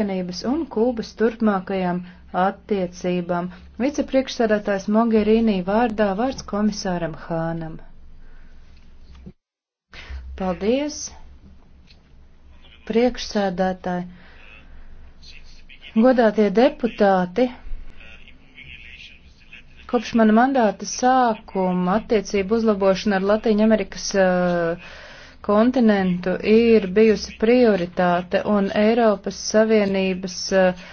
Savienības un Kūbas turpmākajām attiecībām. Vicepriekšsēdētājs Mogherini vārdā vārds komisāram Hānam. Paldies, priekšsēdētāji. Godātie deputāti, kopš mana mandāta sākuma attiecību uzlabošana ar Latīņu Amerikas uh, kontinentu ir bijusi prioritāte, un Eiropas Savienības uh,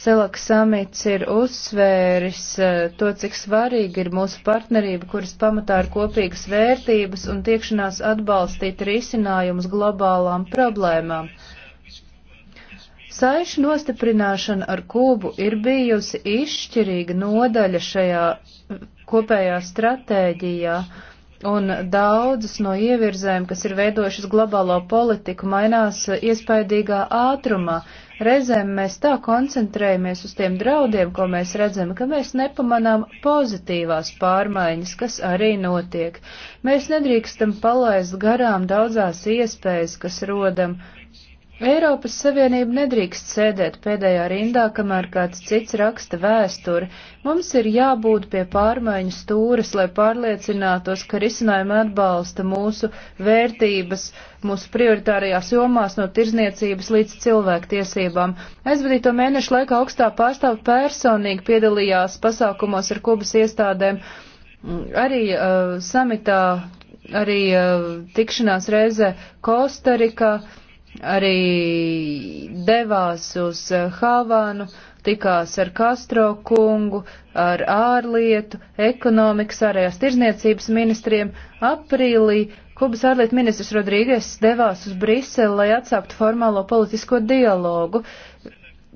Selaks samits ir uzsvēris eh, to, cik svarīgi ir mūsu partnerība, kuras pamatā ir kopīgas vērtības un tiekšanās atbalstīt risinājumus globālām problēmām. Saišu nostiprināšana ar Kubu ir bijusi izšķirīga nodaļa šajā eh, kopējā stratēģijā. Uh, un daudzas no ievirzēm, kas ir veidojušas globālo politiku, mainās iespaidīgā ātrumā. Reizēm mēs tā koncentrējamies uz tiem draudiem, ko mēs redzam, ka mēs nepamanām pozitīvās pārmaiņas, kas arī notiek. Mēs nedrīkstam palaist garām daudzās iespējas, kas rodam Eiropas Savienība nedrīkst sēdēt pēdējā rindā, kamēr kāds cits raksta vēsturi. Mums ir jābūt pie pārmaiņu stūres, lai pārliecinātos, ka risinājumi atbalsta mūsu vērtības, mūsu prioritārajās jomās no tirzniecības līdz cilvēktiesībām. Aizvadīto mēnešu laikā augstā pārstāva personīgi piedalījās pasākumos ar Kubas iestādēm, arī uh, samitā, arī uh, tikšanās reize Kostarikā. Uh, arī devās uz eh, Havanu, tikās ar Kastro kungu, ar ārlietu, ekonomikas, ārējās tirzniecības ministriem. Aprīlī Kubas ārlietu ministrs Rodrīgas devās uz Briseli, lai atsāktu formālo politisko dialogu.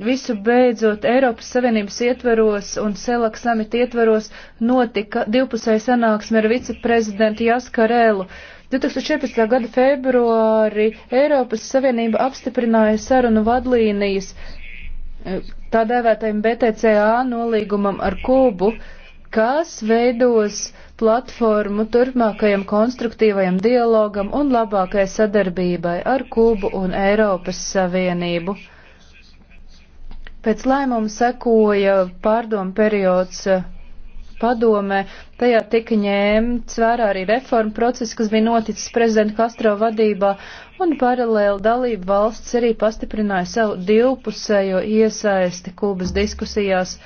Visu beidzot Eiropas Savienības ietveros un Selak samita ietveros notika divpusēja sanāksme ar viceprezidentu Jaskarēlu. Uh, 2014. gada februārī Eiropas Savienība apstiprināja sarunu vadlīnijas e, tā dēvētajam BTCA nolīgumam ar Kubu, kas veidos platformu turpmākajam konstruktīvajam dialogam un labākai sadarbībai ar Kubu un Eiropas Savienību. Pēc lēmuma sekoja pārdomu periods e, padomē, tajā tika ņēmts vērā arī reforma process, kas bija noticis prezidenta Kastro vadībā, un paralēli dalība valsts arī pastiprināja savu divpusējo iesaisti Kubas diskusijās.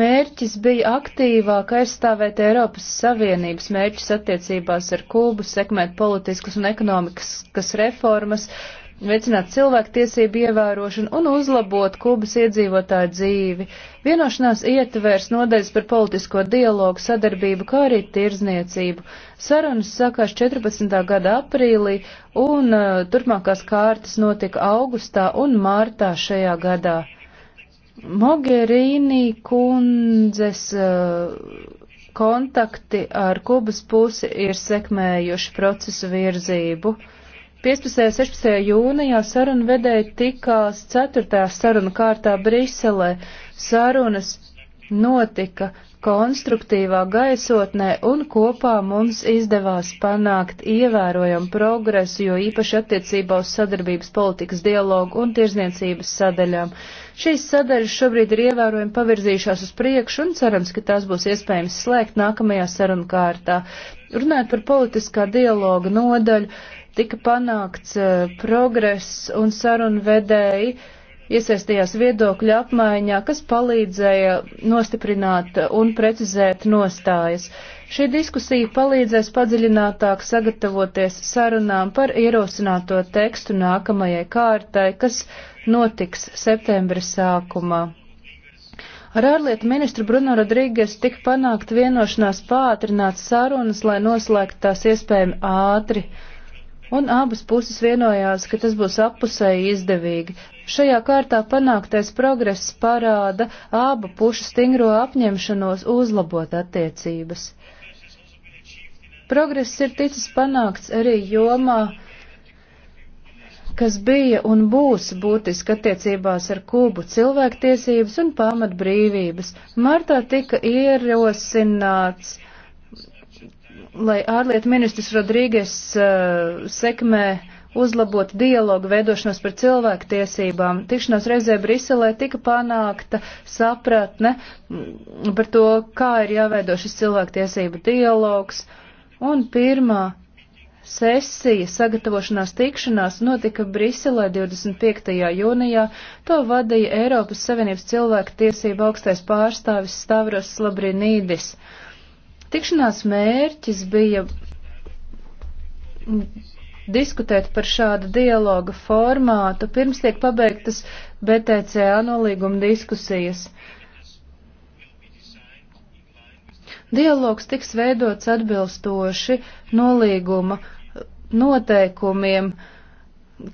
Mērķis bija aktīvāk aizstāvēt Eiropas Savienības mērķus attiecībās ar Kubu, sekmēt politiskas un ekonomikas reformas, uh, veicināt cilvēktiesību ievērošanu un uzlabot Kubas iedzīvotāju dzīvi. Vienošanās ietvērs nodaļas par politisko dialogu, sadarbību, kā arī tirzniecību. Sarunas sākās 14. gada aprīlī un uh, turpmākās kārtas notika augustā un martā šajā gadā. Mogherīni kundzes uh, kontakti ar Kubas pusi ir sekmējuši procesu virzību. Uh, 15. un 16. jūnijā sarunvedēji tikās 4. saruna kārtā Briselē. Sarunas notika konstruktīvā gaisotnē un kopā mums izdevās panākt ievērojamu progresu, jo īpaši attiecībā uz sadarbības politikas dialogu un tirzniecības sadaļām. Šīs sadaļas šobrīd ir ievērojami pavirzījušās uz priekšu un cerams, ka tās būs iespējams slēgt nākamajā sarunu kārtā. Runājot par politiskā dialoga nodaļu, tika panākts e, progress un sarunu vedēji iesaistījās viedokļu apmaiņā, kas palīdzēja nostiprināt un precizēt nostājas. Šī diskusija palīdzēs padziļinātāk sagatavoties sarunām par ierosināto tekstu nākamajai kārtai, kas notiks septembra sākumā. Ar ārlietu ministru Bruno Rodrīgas tika panākt vienošanās pātrināt sarunas, lai noslēgtu tās iespējami ātri un abas puses vienojās, ka tas būs appusēji izdevīgi. Šajā kārtā panāktais progress parāda abu pušu stingro apņemšanos uzlabot attiecības. Progress ir ticis panākts arī jomā, kas bija un būs būtiski attiecībās ar Kubu cilvēktiesības un pamatbrīvības. Martā tika ierosināts uh, lai ārlietu ministrs Rodrīgas uh, eh, sekmē uzlabot dialogu veidošanos par cilvēktiesībām. Tikšanās reizē Briselē tika panākta sapratne mm, par to, kā ir jāveido šis cilvēktiesību dialogs. Un pirmā sesija sagatavošanās tikšanās notika Briselē 25. jūnijā. To vadīja Eiropas Savienības cilvēktiesība augstais pārstāvis Stavros Slabrinīdis. Uh, Tikšanās mērķis bija diskutēt par šādu dialoga formātu, pirms tiek pabeigtas BTCA nolīguma diskusijas. Dialogs tiks veidots atbilstoši nolīguma noteikumiem,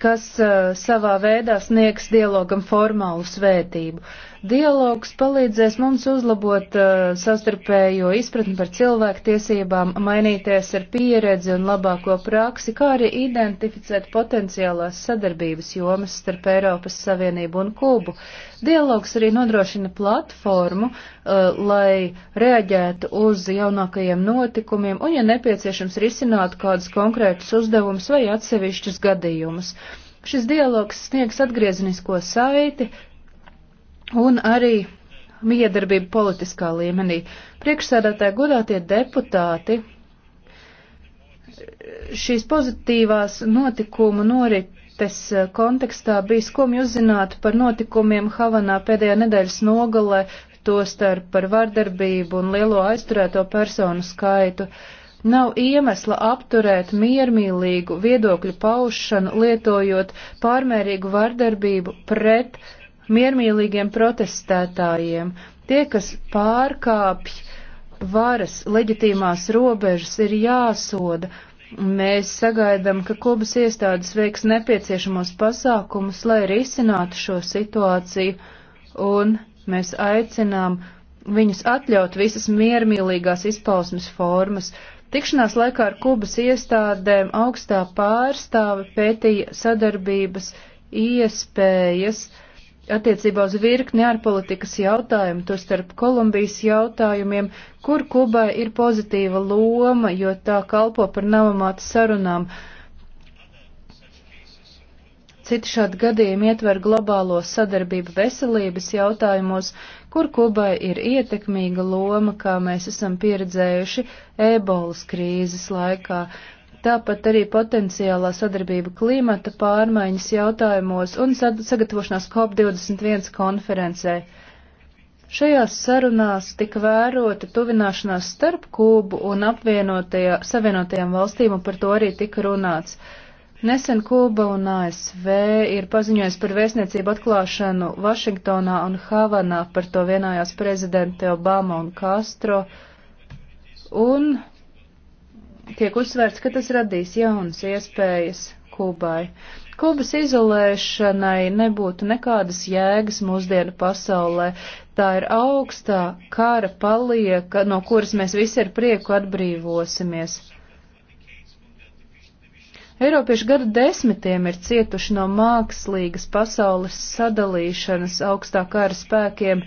kas uh, savā veidā sniegs dialogam formālu svētību. Dialogs palīdzēs mums uzlabot uh, savstarpējo izpratni par cilvēktiesībām, mainīties ar pieredzi un labāko praksi, kā arī identificēt potenciālās sadarbības jomas starp Eiropas Savienību un Kubu. Dialogs arī nodrošina platformu, uh, lai reaģētu uz jaunākajiem notikumiem un, ja nepieciešams, risinātu kādus konkrētus uzdevumus vai atsevišķus gadījumus. Šis dialogs sniegs atgriezenisko saiti, un arī miedarbību politiskā līmenī. Priekšsēdētāji godātie deputāti, šīs pozitīvās notikumu norites eh, kontekstā bija skumji uzzināt par notikumiem Havanā pēdējā nedēļas nogalē, tostarp par vardarbību un lielo aizturēto personu skaitu. Nav iemesla apturēt miermīlīgu viedokļu paušanu, lietojot pārmērīgu vardarbību pret uh, miermīlīgiem protestētājiem. Tie, kas pārkāpj varas leģitīmās robežas, ir jāsoda. Mēs sagaidām, ka Kubas iestādes veiks nepieciešamos pasākumus, lai risinātu šo situāciju, un mēs aicinām viņus atļaut visas miermīlīgās izpausmes formas. Tikšanās laikā ar Kubas iestādēm augstā pārstāve pētīja sadarbības iespējas, uh, attiecībā uz virkni ārpolitikas jautājumu, to starp Kolumbijas jautājumiem, kur Kubai ir pozitīva loma, jo tā kalpo par navamāta sarunām. Citi šādi gadījumi ietver globālo sadarbību veselības jautājumos, kur Kubai ir ietekmīga loma, kā mēs esam pieredzējuši ebolas krīzes laikā tāpat arī potenciālā sadarbība klimata pārmaiņas jautājumos un sagatavošanās COP21 konferencē. Šajās sarunās tika vērota tuvināšanās starp Kūbu un Savienotajām valstīm, un par to arī tika runāts. Nesen Kūba un ASV ir paziņojis par vēstniecību atklāšanu Vašingtonā un Havanā, par to vienājās prezidenti Obama un Castro, un tiek uzsvērts, ka tas radīs jaunas iespējas Kubai. Kubas izolēšanai nebūtu nekādas jēgas mūsdienu pasaulē. Tā ir augstā kara palieka, no kuras mēs visi ar prieku atbrīvosimies. Eiropieši gadu desmitiem ir cietuši no mākslīgas pasaules sadalīšanas augstā kara spēkiem.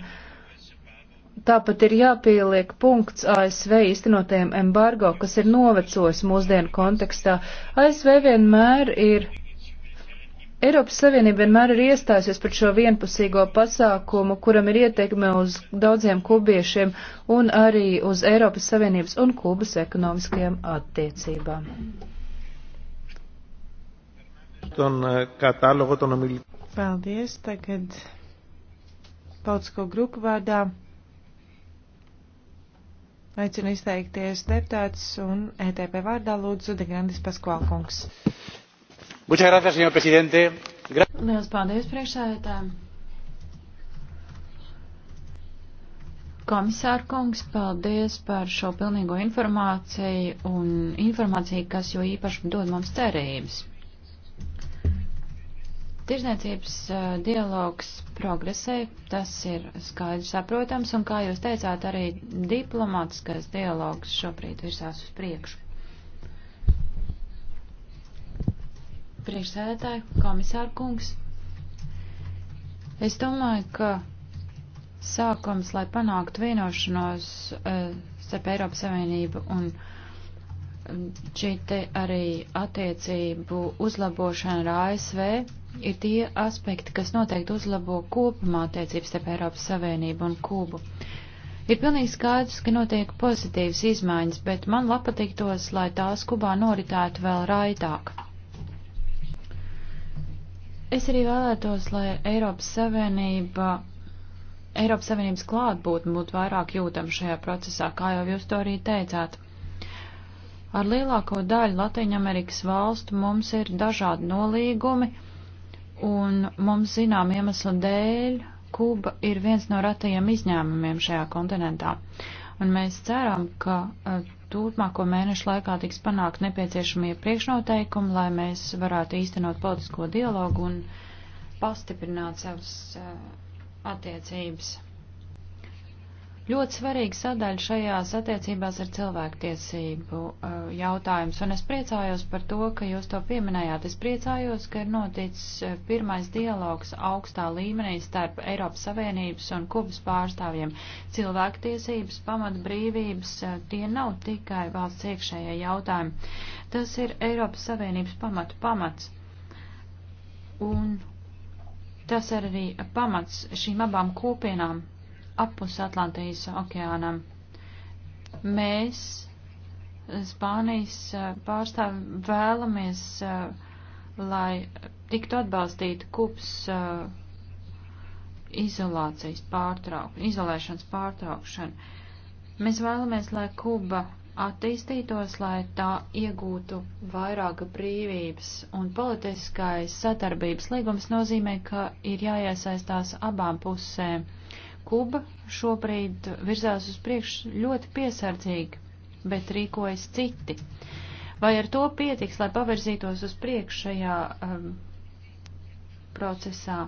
Tāpat ir jāpieliek punkts ASV īstenotajam embargo, kas ir novecojis mūsdienu kontekstā. ASV vienmēr ir Eiropas Savienība vienmēr ir iestājusies par šo vienpusīgo pasākumu, kuram ir ietekme uz daudziem kubiešiem un arī uz Eiropas Savienības un Kubas ekonomiskajām attiecībām. Paldies, tagad Pautsko grupu vārdā Aicinu izteikties deputāts un ETP vārdā lūdzu Degrandis Paskvalkungs. Muchas gracias, señor presidente. Gra Lielas paldies priekšsēdētājiem. Komisārkungs, paldies par šo pilnīgo informāciju un informāciju, kas jo īpaši dod mums cerības. Tirzniecības eh, dialogs progresē, tas ir skaidrs saprotams, un kā jūs teicāt, arī diplomātiskais dialogs šobrīd virsās uz priekšu. Priekšsēdētāji, komisāra kungs, es domāju, ka sākums, lai panāktu vienošanos uh, starp Eiropas Savienību un šī te arī attiecību uzlabošana ar ASV ir tie aspekti, kas noteikti uzlabo kopumā attiecības starp Eiropas Savienību un Kubu. Ir pilnīgi skaidrs, ka notiek pozitīvas izmaiņas, bet man patiktos, lai tās Kubā noritētu vēl raitāk. Es arī vēlētos, lai Eiropas Savienība, Eiropas Savienības klātbūtne būtu vairāk jūtama šajā procesā, kā jau jūs to arī teicāt. Ar lielāko daļu Latviju Amerikas valstu mums ir dažādi nolīgumi, un mums zinām iemeslu dēļ Kuba ir viens no ratajiem izņēmumiem šajā kontinentā. Un mēs ceram, ka eh, turpmāko mēnešu laikā tiks panākt nepieciešamie priekšnoteikumi, lai mēs varētu īstenot politisko dialogu un pastiprināt savas eh, attiecības. Ļoti svarīga sadaļa šajās attiecībās ir cilvēktiesību uh, jautājums, un es priecājos par to, ka jūs to pieminējāt. Es priecājos, ka ir noticis uh, pirmais dialogs augstā līmenī starp Eiropas Savienības un Kubas pārstāvjiem. Cilvēktiesības, pamatbrīvības, uh, tie nav tikai valsts iekšējie jautājumi. Tas ir Eiropas Savienības pamatu pamats. Un tas ir arī pamats šīm abām kopienām apus Atlantijas okeānam. Mēs, Spānijas eh, pārstāvi, vēlamies, eh, lai tiktu atbalstīta kups eh, izolācijas pārtraukšana, izolēšanas pārtraukšana. Mēs vēlamies, lai Kuba attīstītos, lai tā iegūtu vairāk brīvības, un politiskais sadarbības līgums nozīmē, ka ir jāiesaistās abām pusēm. Kuba šobrīd virzās uz priekšu ļoti piesardzīgi, bet rīkojas citi. Vai ar to pietiks, lai pavirzītos uz priekšu šajā um, procesā?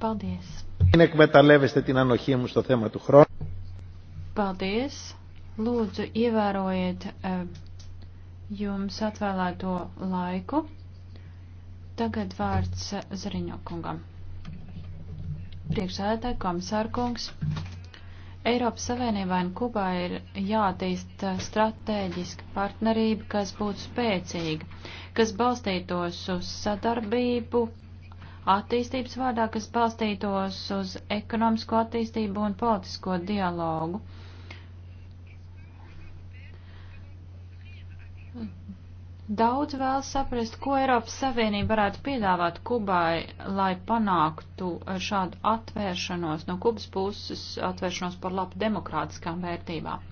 Paldies. Μην εκμεταλλεύεστε την ανοχή μου στο θέμα του χρόνου. Paldies. Lūdzu, ievērojiet um, jums atvēlēto laiku. Tagad vārds Zariņokungam. Priekšsēdētāji, komisārkungs. Eiropas Savienībā un Kubā ir jātīst uh, strateģiska partnerība, kas būtu spēcīga, kas balstītos uz sadarbību, attīstības vārdā, kas balstītos uz ekonomisko attīstību un politisko dialogu. Daudz vēl saprast, ko Eiropas Savienība varētu piedāvāt Kubai, lai panāktu eh, šādu atvēršanos no Kubas puses, atvēršanos par labu demokrātiskām vērtībām.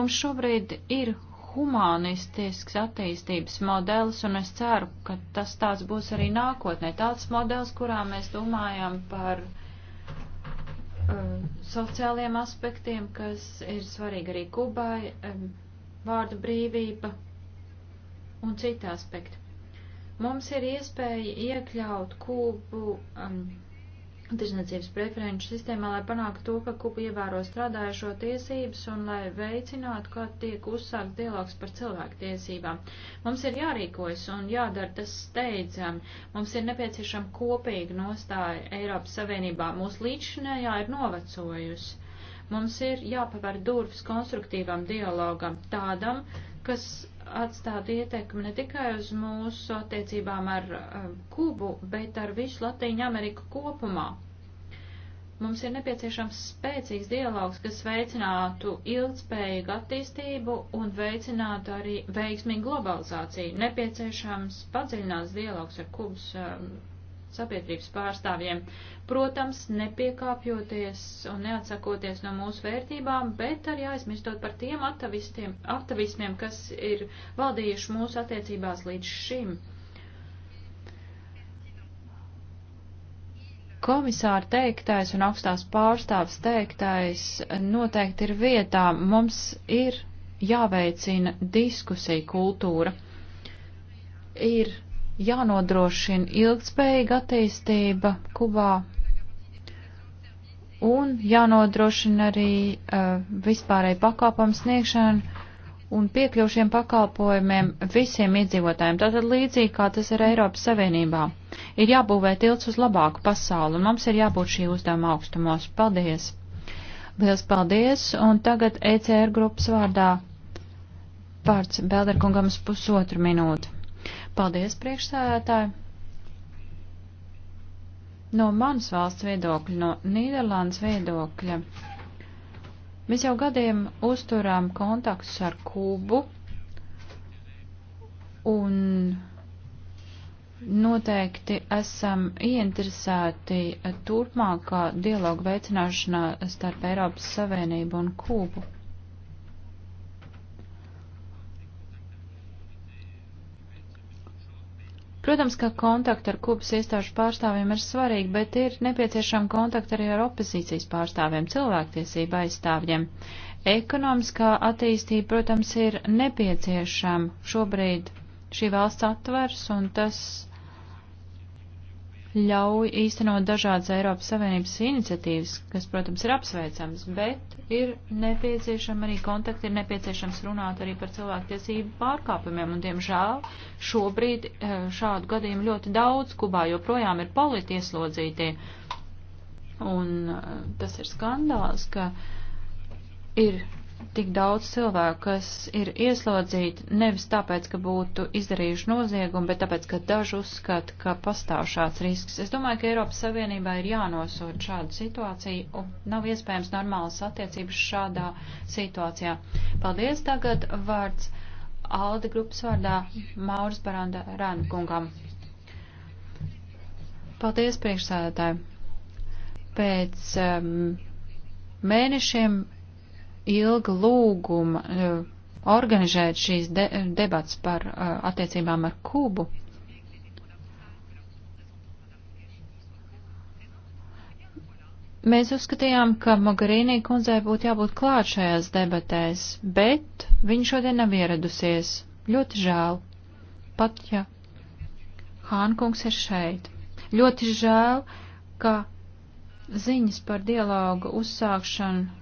Mums šobrīd ir humanistisks attīstības modelis, un es ceru, ka tas tāds būs arī nākotnē. Tāds modelis, kurā mēs domājam par uh, Um, sociālajiem aspektiem, kas ir svarīgi arī Kubai, um, vārdu brīvība un citi aspekti. Mums ir iespēja iekļaut Kubu um, tirzniecības preferenču sistēmā, lai panāktu to, ka Kuba ievēro strādājušo tiesības un lai veicinātu, ka tiek uzsākts dialogs par cilvēktiesībām. Mums ir jārīkojas un jādara tas steidzam. Mums ir nepieciešama kopīga nostāja Eiropas Savienībā. Mūsu līdzinājā ir novecojusi. Mums ir jāpavēr durvis konstruktīvam dialogam, tādam, kas atstāt ietekmi ne tikai uz mūsu attiecībām ar eh, Kubu, bet ar visu Latīņu Ameriku kopumā. Mums ir nepieciešams spēcīgs dialogs, kas veicinātu ilgspējīgu attīstību un veicinātu arī veiksmīgu globalizāciju. Nepieciešams padziļināts dialogs ar Kubas eh, sabiedrības pārstāvjiem. Protams, nepiekāpjoties un neatsakoties no mūsu vērtībām, bet arī aizmirstot par tiem aktivistiem, kas ir valdījuši mūsu attiecībās līdz šim. komisāra teiktais un augstās pārstāvs teiktais noteikti ir vietā. Mums ir jāveicina diskusija kultūra. Ir jānodrošina ilgspējīga attīstība Kubā un jānodrošina arī uh, vispārēji pakāpam sniegšana un piekļuvušiem pakalpojumiem visiem iedzīvotājiem. Tātad līdzīgi kā tas ir Eiropas Savienībā. Ir jābūvē tilts uz labāku pasauli, un mums ir jābūt šī uzdevuma augstumos. Paldies! Liels paldies! Un tagad ECR grupas vārdā pārts Belderkungams pusotru minūtu. Paldies, priekšsēdētāji! No manas valsts viedokļa, no Nīderlandes viedokļa, mēs jau gadiem uzturām kontaktus ar Kūbu un noteikti esam ieinteresēti turpmākā dialoga veicināšanā starp Eiropas Savienību un Kūbu. Protams, ka kontakti ar Kubas iestāžu pārstāvjiem ir svarīgi, bet ir nepieciešama kontakti arī ar opozīcijas pārstāvjiem, cilvēktiesību aizstāvjiem. Ekonomiskā attīstība, protams, ir nepieciešama. Šobrīd šī valsts atvers un tas ļauj īstenot dažādas Eiropas Savienības iniciatīvas, kas, protams, ir apsveicams, bet ir nepieciešama arī kontakti, ir nepieciešams runāt arī par cilvēktiesību pārkāpumiem, un, diemžēl, šobrīd eh, šādu gadījumu ļoti daudz Kubā joprojām ir politieslodzītie, un eh, tas ir skandāls, ka ir tik daudz cilvēku, kas ir ieslodzīti nevis tāpēc, ka būtu izdarījuši noziegumu, bet tāpēc, ka daži uzskata, ka pastāv šāds risks. Es domāju, ka Eiropas Savienībā ir jānosod šādu situāciju un nav iespējams normālas attiecības šādā situācijā. Paldies tagad vārds Alde grupas vārdā Mauris Baranda Rēnkungam. Paldies priekšsēdētāji. Pēc um, mēnešiem ilga lūguma e, organizēt šīs de debats par e, attiecībām ar Kubu. Mēs uzskatījām, ka Mogarīnī kundzei būtu jābūt klāt šajās debatēs, bet viņa šodien nav ieradusies. Ļoti žēl. Pat ja Hānkungs ir šeit. Ļoti žēl, ka ziņas par dialogu uzsākšanu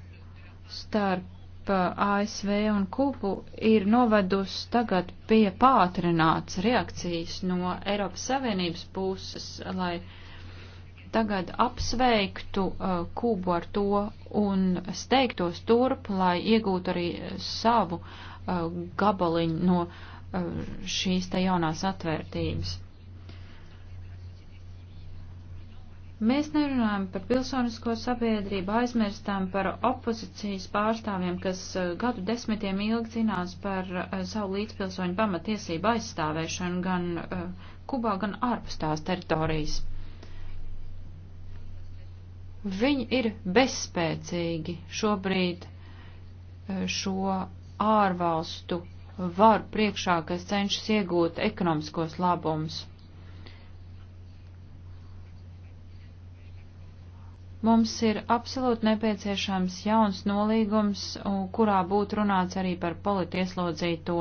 starp uh, ASV un Kubu ir novedusi tagad pie pātrināts reakcijas no Eiropas Savienības puses, lai tagad apsveiktu uh, Kubu ar to un steigtos turp, lai iegūtu arī savu uh, gabaliņu no uh, šīs te jaunās atvērtības. Mēs nerunājam par pilsonisko sabiedrību, aizmirstam par opozīcijas pārstāvjiem, kas eh, gadu desmitiem ilgi cīnās par eh, savu līdzpilsoņu pamatiesību aizstāvēšanu gan eh, Kubā, gan ārpus tās teritorijas. Viņi ir bezspēcīgi šobrīd šo ārvalstu varu priekšā, kas cenšas iegūt ekonomiskos labumus. Mums ir absolūti nepieciešams jauns nolīgums, kurā būtu runāts arī par politieslodzīto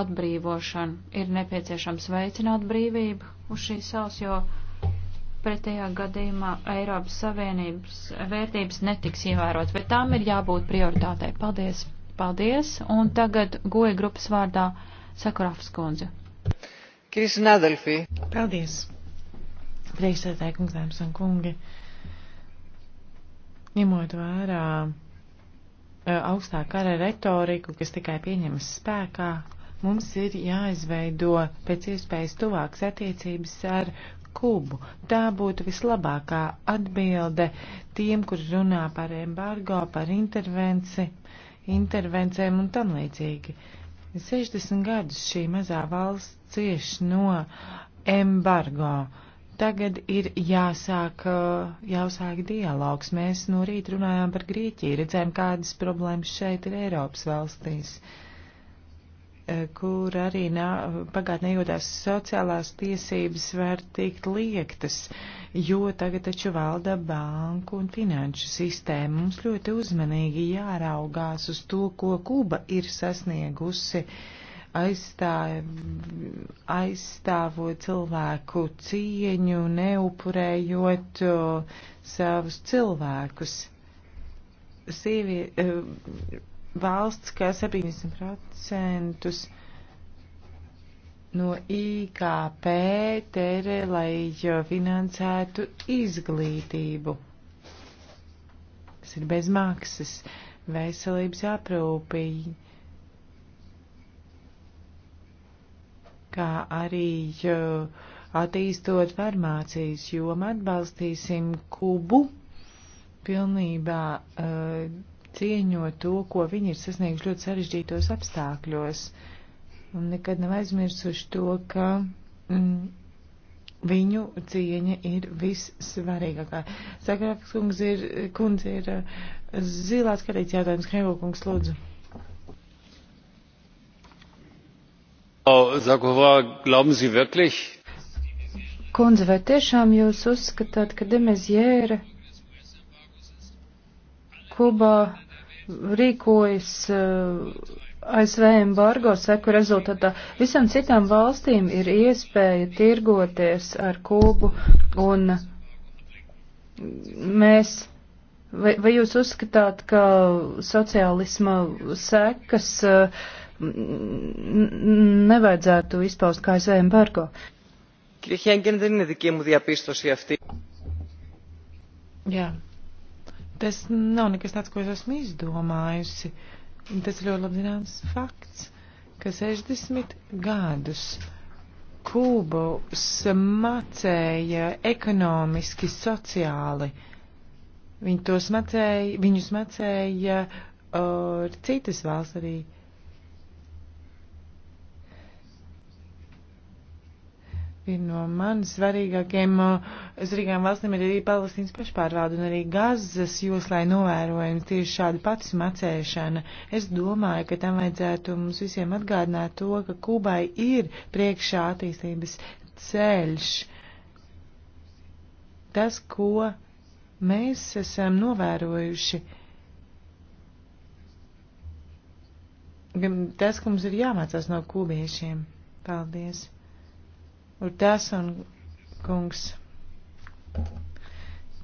atbrīvošanu. Ir nepieciešams veicināt brīvību uz šīs savas, jo pretējā gadījumā Eiropas Savienības vērtības netiks ievērot, bet tām ir jābūt prioritātei. Paldies! Paldies! Un tagad goja grupas vārdā Sakurafs kundze. Kirīs un Adelfī. Paldies! Priekšsētāji, kungs, dāmas un kungi. Uh, Ņemot vērā augstā kara retoriku, kas tikai pieņemas spēkā, mums ir jāizveido pēc iespējas tuvākas attiecības ar Kubu. Tā būtu vislabākā atbilde tiem, kur runā par embargo, par intervenci, intervencēm un tam līdzīgi. 60 gadus šī mazā valsts cieš no embargo. Uh, Tagad ir jāsāk, jāsāk dialogs. Mēs no rīta runājām par Grieķiju, redzējām, kādas problēmas šeit ir Eiropas valstīs, kur arī pagātnē jūtās sociālās tiesības var tikt liektas, jo tagad taču valda banku un finanšu sistēma. Mums ļoti uzmanīgi jāraugās uz to, ko Kuba ir sasniegusi. Uh, aizstāja, aizstāvot cilvēku cieņu, neupurējot savus cilvēkus. Sīvi, e, valsts, kā 70% no IKP tērē, lai finansētu izglītību. Tas ir bez maksas, veselības aprūpīgi kā arī attīstot farmācijas jomu atbalstīsim Kubu pilnībā eh, cieņot to, ko viņi ir sasnieguši ļoti sarežģītos apstākļos. Un nekad nav aizmirsuši to, ka mm, viņu cieņa ir vissvarīgākā. Sakrāks kungs ir, kundze ir eh, zilās karīts jautājums, Hrevo kungs, lūdzu. Kundze, vai tiešām jūs uzskatāt, ka Demezjēra Kubā rīkojas eh, ASV embargo, seku rezultātā visam citām valstīm ir iespēja tirgoties ar Kubu un mēs Vai, vai jūs uzskatāt, ka sociālisma sekas eh, nevajadzētu izpaust KSV embargo. Jā, tas nav nekas tāds, ko es esmu izdomājusi. Tas ir ļoti labi zināms fakts, ka 60 gadus Kūbus macēja ekonomiski, sociāli. Viņi to smacēja, viņus macēja uh, citas valsts arī. Uh, Viena no man svarīgākiem svarīgām valstīm ir arī Palestīnas pašpārvalda un arī Gazas joslai novērojams tieši šāda pati smacēšana. Es domāju, ka tam vajadzētu mums visiem atgādināt to, ka Kubai ir priekšā attīstības ceļš. Tas, ko mēs esam novērojuši, tas, ka mums ir jāmācās no kubiešiem. Paldies! Urtas un kungs.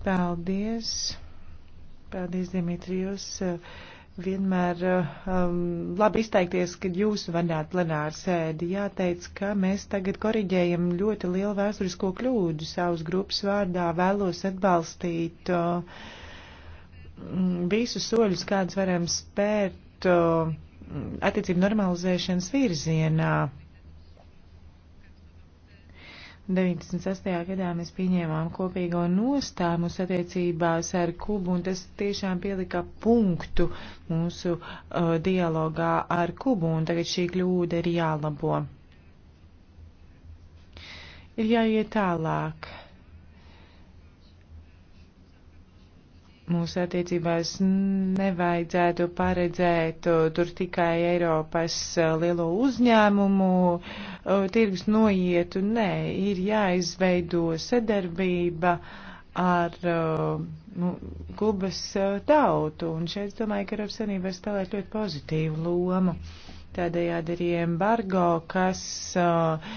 Paldies. Paldies, Dimitrijus. Eh, vienmēr eh, um, labi izteikties, kad jūs vadāt plenāru sēdi. Jāteic, ka mēs tagad koriģējam ļoti lielu vēsturisko kļūdu savas grupas vārdā. Vēlos atbalstīt uh, visus soļus, kādus varam spērt uh, attiecību normalizēšanas virzienā. Uh, 96. gadā mēs pieņēmām kopīgo nostājumus attiecībās ar Kubu, un tas tiešām pielika punktu mūsu uh, dialogā ar Kubu, un tagad šī kļūda ir jālabo. Ir jāiet tālāk. mūsu attiecībās nevajadzētu paredzēt tur tikai Eiropas e, lielo uzņēmumu tirgus noietu. Nē, ir jāizveido sadarbība ar nu, Kubas e, tautu. Un šeit es domāju, ka Eiropas Savienība var spēlēt ļoti pozitīvu lomu. Tādējādi arī embargo, kas uh,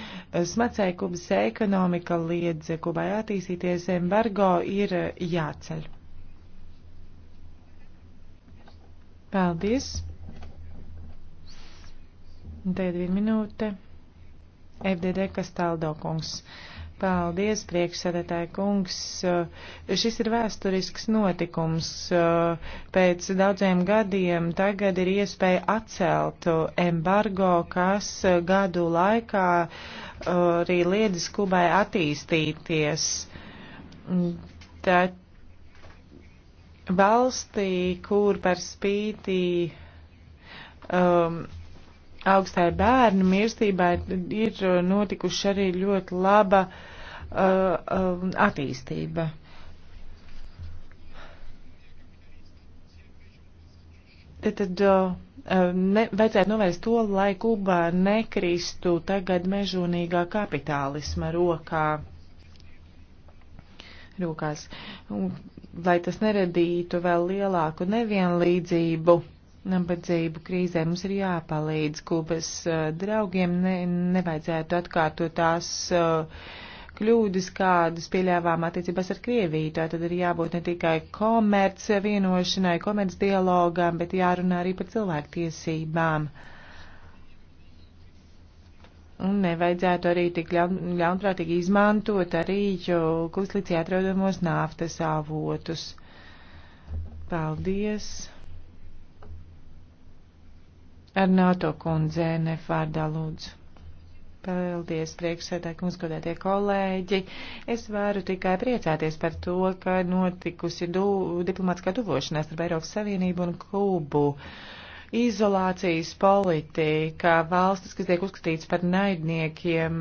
smacēja Kubas ekonomika, liedz Kubai attīstīties, embargo ir e, jāceļ. Paldies. Tagad viena minūte. FDD Kastaldo kungs. Paldies, priekšsēdētāji kungs. Šis ir vēsturisks notikums. Pēc daudziem gadiem tagad ir iespēja atcelt embargo, kas gadu laikā uh, arī liedz Kubai attīstīties. Tad valstī, kur par spītī um, augstai bērnu mirstībai ir notikuši arī ļoti laba uh, um, attīstība. Tad uh, ne, vajadzētu novērst to, lai Kubā nekristu tagad mežonīgā kapitālisma rokā rokās lai tas neradītu vēl lielāku nevienlīdzību, nabadzību krīzē, mums ir jāpalīdz Kubas draugiem, ne, nevajadzētu atkārtot tās kļūdas, kādas pieļāvām attiecībās ar Krieviju. Tā tad ir jābūt ne tikai komerc vienošanai, komerc dialogām, bet jārunā arī par cilvēktiesībām. tiesībām Un nevajadzētu arī tik ļaun, ļaunprātīgi izmantot arī kuslīcī atrodamos naftas avotus. Paldies! Ar NATO kundzē nefārdā lūdzu. Paldies, priekšsēdē, kungs, godētie kolēģi. Es varu tikai priecāties par to, ka notikusi du, diplomātiskā tuvošanās starp Eiropas Savienību un Kubu. Uh, Izolācijas politika, valstis, kas tiek uzskatīts par naidniekiem,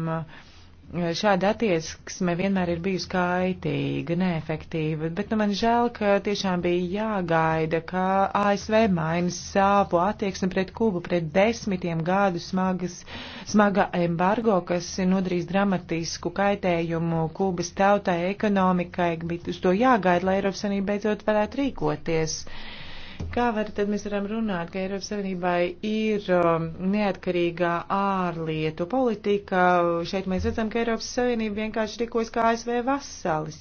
šāda attieksme vienmēr ir bijusi kaitīga, neefektīva, bet nu, man žēl, ka tiešām bija jāgaida, ka ASV maina savu attieksmi pret Kubu, pret desmitiem gadu smagas, smaga embargo, kas nodarīs dramatisku kaitējumu Kubas tautai, ekonomikai, bet uz to jāgaida, lai Eiropas Sanība beidzot varētu rīkoties. Uh, Kā var tad mēs varam runāt, ka Eiropas Savienībai ir um, neatkarīgā ārlietu politika? Šeit mēs redzam, ka Eiropas Savienība vienkārši rīkojas kā ASV vasalis.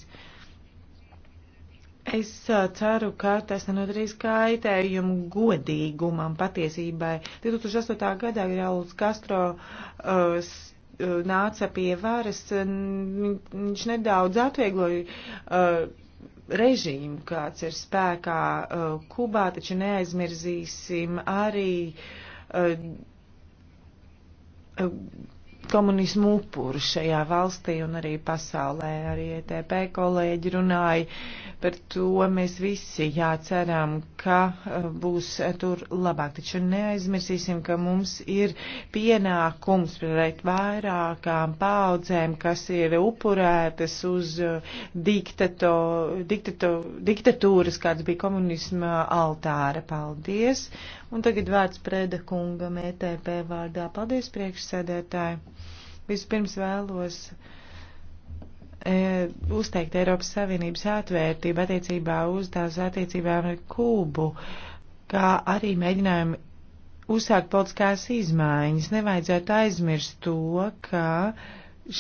Es uh, ceru, ka tas nenodarīs kaitējumu godīgumam, patiesībai. 2008. gadā Rauls Castro uh, uh, nāca pie varas, viņš nedaudz atviegloja. Uh, režīmu, kāds ir spēkā uh, Kubā, taču neaizmirsīsim arī uh, komunismu upuri šajā valstī un arī pasaulē. Arī ETP kolēģi runāja par to. Mēs visi jāceram, ka eh, būs tur labāk. Taču neaizmirsīsim, ka mums ir pienākums pret vairākām paudzēm, kas ir upurētas uz eh, diktato, diktato, diktatūras, kāds bija komunisma altāra. Paldies! Un tagad vārds Prēda kungam ETP vārdā. Paldies, priekšsēdētāji. Vispirms vēlos e, uzteikt Eiropas Savienības atvērtību attiecībā uz tās attiecībām ar Kūbu, kā arī mēģinājumu uzsākt politiskās izmaiņas. Nevajadzētu aizmirst to, ka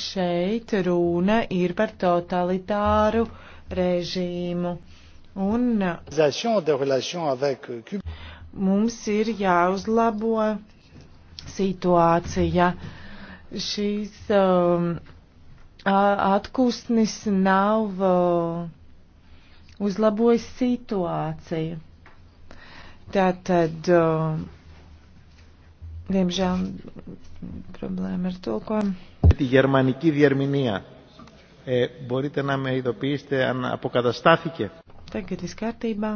šeit runa ir par totalitāru režīmu. Un, mums ir jāuzlabo situācija. Šīs um, atkustnis nav uh, uzlabojis situāciju. Tātad, uh, diemžēl, problēma ar tulkojumu. Τη γερμανική διερμηνία. Ε, μπορείτε να με ειδοποιήσετε αν αποκαταστάθηκε. Tagad viss kārtībā.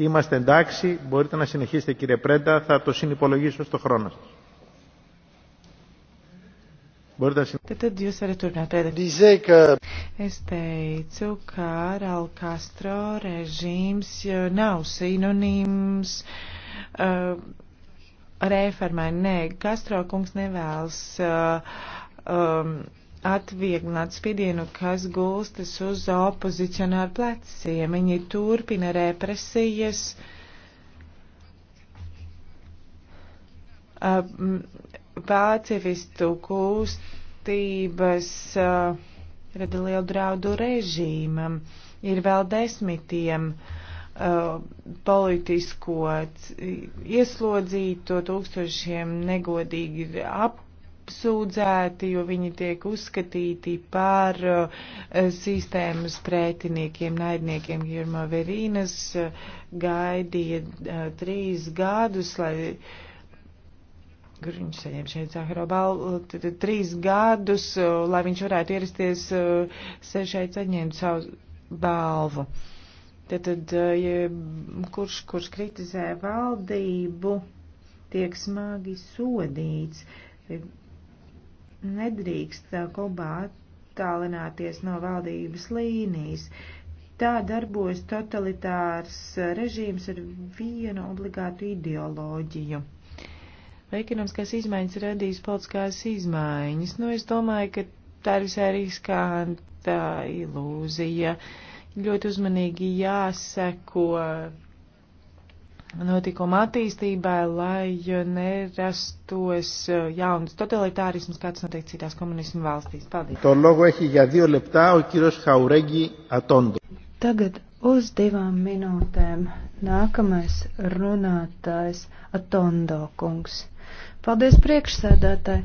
Είμαστε εντάξει, μπορείτε να συνεχίσετε κύριε Πρέντα, θα το συνυπολογίσω στο χρόνο σας. Tad, tad jūs varat turpināt pēdējā. Es teicu, ka Raul Castro režīms nav sinonīms uh, reformai. Nē, Castro kungs nevēlas uh, eh, um, eh, atvieglot spiedienu, kas gulstas uz opozicionāru pleciem. Viņi turpina represijas. Pācifistu kustības rada lielu draudu režīmam. Ir vēl desmitiem politisko ieslodzīto, tūkstošiem negodīgi ap apsūdzēti, jo viņi tiek uzskatīti par uh, sistēmas pretiniekiem, naidniekiem. Girma Verīnas uh, gaidīja uh, trīs gadus, lai. Kur viņš saņem šeit Zaharo balvu, trīs gadus, lai viņš varētu ierasties šeit saņemt savu balvu. Tad, tad ja, kurš, kurš kritizē valdību, tiek smagi sodīts nedrīkst uh, Kubā attālināties no valdības līnijas. Tā darbojas totalitārs uh, režīms ar vienu obligātu ideoloģiju. Vai ekonomiskās izmaiņas radīs politiskās izmaiņas? Nu, es domāju, ka tā ir visai riskanta ilūzija. Ļoti uzmanīgi jāseko notikuma attīstībai, lai nerastos eh, jauns totalitārisms, kāds notiek citās komunismu valstīs. Paldies. Tagad uz divām minūtēm nākamais runātājs Atondo kungs. Paldies priekšsēdētāji.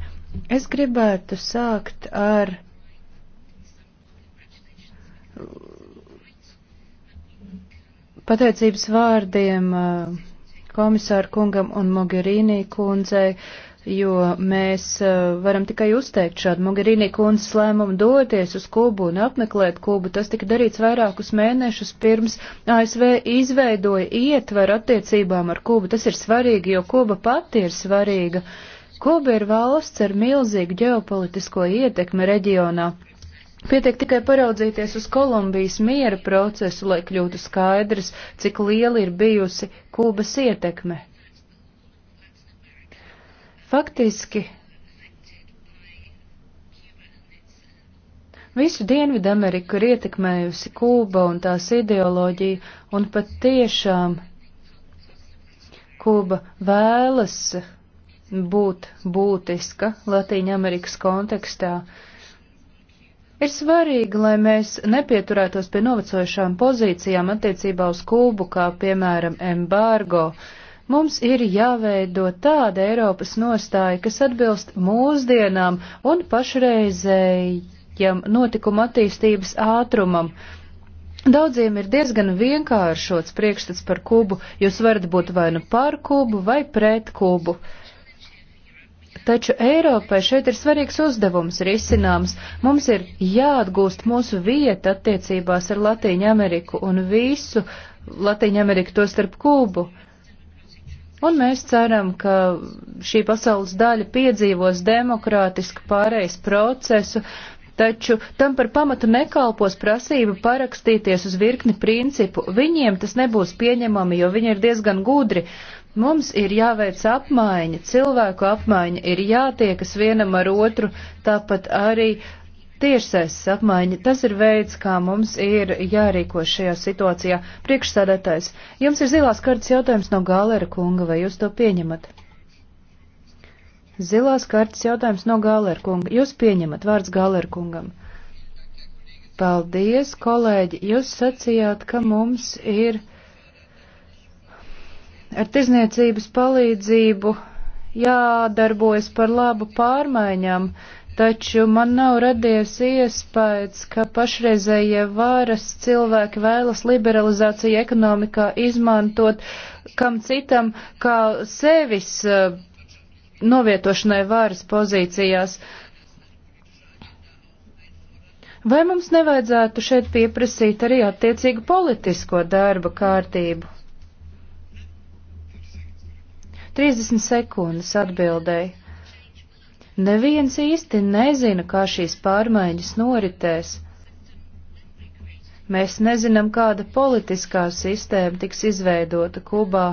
Es gribētu sākt ar Pateicības vārdiem uh, komisāru kungam un Mogherīnī kundzei, jo mēs uh, varam tikai uzteikt šādu Mogherīnī kundzes lēmumu doties uz Kubu un apmeklēt Kubu. Tas tika darīts vairākus mēnešus pirms ASV izveidoja ietveru attiecībām ar Kubu. Tas ir svarīgi, jo Kuba pati ir svarīga. Kuba ir valsts ar milzīgu ģeopolitisko ietekmi reģionā. Pietiek tikai paraudzīties uz Kolumbijas miera procesu, lai kļūtu skaidrs, cik liela ir bijusi Kūbas ietekme. Faktiski visu Dienvidameriku ir ietekmējusi Kūba un tās ideoloģija, un pat tiešām Kūba vēlas būt būtiska Latīņa Amerikas kontekstā. Ir svarīgi, lai mēs nepieturētos pie novecojušām pozīcijām attiecībā uz Kūbu, kā piemēram embargo. Mums ir jāveido tāda Eiropas nostāja, kas atbilst mūsdienām un pašreizējam notikuma attīstības ātrumam. Daudziem ir diezgan vienkāršots priekšstats par kubu, jūs varat būt vai nu par kubu vai pret kubu. Uh, Taču Eiropai šeit ir svarīgs uzdevums risināms. Mums ir jāatgūst mūsu vieta attiecībās ar Latīņu Ameriku un visu Latīņu Ameriku, to starp Kūbu. Un mēs ceram, ka šī pasaules daļa piedzīvos demokrātisku pārejas procesu, taču tam par pamatu nekalpos prasība parakstīties uz virkni principu. Viņiem tas nebūs pieņemami, jo viņi ir diezgan gudri. Mums ir jāveic apmaiņa, cilvēku apmaiņa, ir jātiekas vienam ar otru, tāpat arī tiešsaistes apmaiņa. Tas ir veids, kā mums ir jārīko šajā situācijā. Priekšsādātājs, jums ir zilās kartas jautājums no Gālera kunga, vai jūs to pieņemat? Zilās kartas jautājums no Gālera kunga. Jūs pieņemat vārds Gālera kungam. Paldies, kolēģi, jūs sacījāt, ka mums ir ar tirzniecības palīdzību jādarbojas par labu pārmaiņām, taču man nav radies iespējas, ka pašreizējie varas cilvēki vēlas liberalizāciju ekonomikā izmantot kam citam kā sevis eh, novietošanai varas pozīcijās. Vai mums nevajadzētu šeit pieprasīt arī attiecīgu politisko darba kārtību? 30 sekundes atbildēji. Neviens īsti nezina, kā šīs pārmaiņas noritēs. Mēs nezinām, kāda politiskā sistēma tiks izveidota Kubā,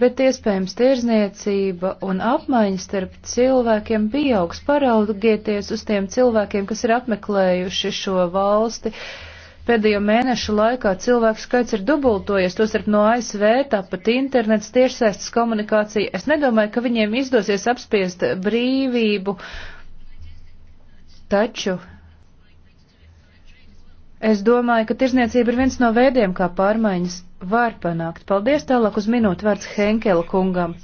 bet iespējams tirzniecība un apmaiņas starp cilvēkiem pieaugs. Paraugieties uz tiem cilvēkiem, kas ir apmeklējuši šo valsti, uh, Pēdējo mēnešu laikā cilvēku skaits ir dubultojies, tostarp no ASV, tāpat internets, tiešsaistes komunikācija. Es nedomāju, ka viņiem izdosies apspiest brīvību, taču Es domāju, ka tirzniecība ir viens no veidiem, kā pārmaiņas var panākt. Paldies tālāk uz minūtu vārds Henkela kungam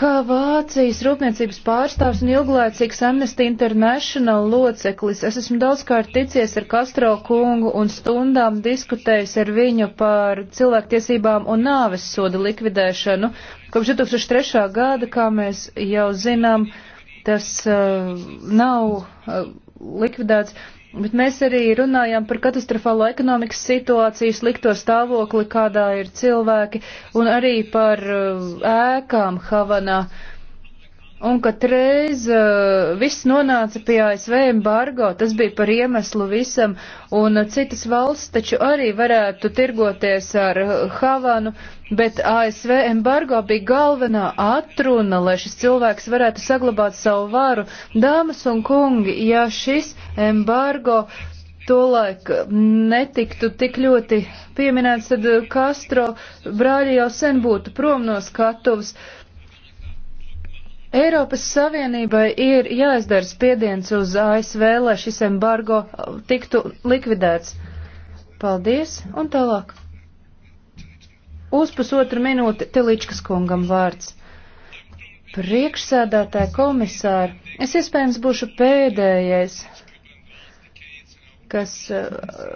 ka Vācijas rūpniecības pārstāvs un ilglaicīgs Amnesty International loceklis. Es esmu daudzkārt ticies ar Kastro kungu un stundām diskutējis ar viņu par cilvēktiesībām un nāves soda likvidēšanu. Kopš 2003. gada, kā mēs jau zinām, tas uh, nav uh, likvidēts. Bet mēs arī runājam par katastrofālo ekonomikas situāciju, slikto stāvokli, kādā ir cilvēki, un arī par uh, ēkām Havanā. Uh, Un katreiz uh, eh, viss nonāca pie ASV embargo, tas bija par iemeslu visam, un uh, citas valsts taču arī varētu tirgoties ar uh, Havanu, bet ASV embargo bija galvenā atruna, lai šis cilvēks varētu saglabāt savu varu. Dāmas un kungi, ja šis embargo tolaik netiktu tik ļoti pieminēts, tad Kastro brāļi jau sen būtu prom no skatuves. Uh, Eiropas Savienībai ir jāizdara spiediens uz ASV, lai šis embargo uh, tiktu likvidēts. Paldies, un tālāk. Uz pusotru minūti Teličkas kungam vārds. Priekšsēdētāja komisāra, es iespējams būšu pēdējais, kas uh,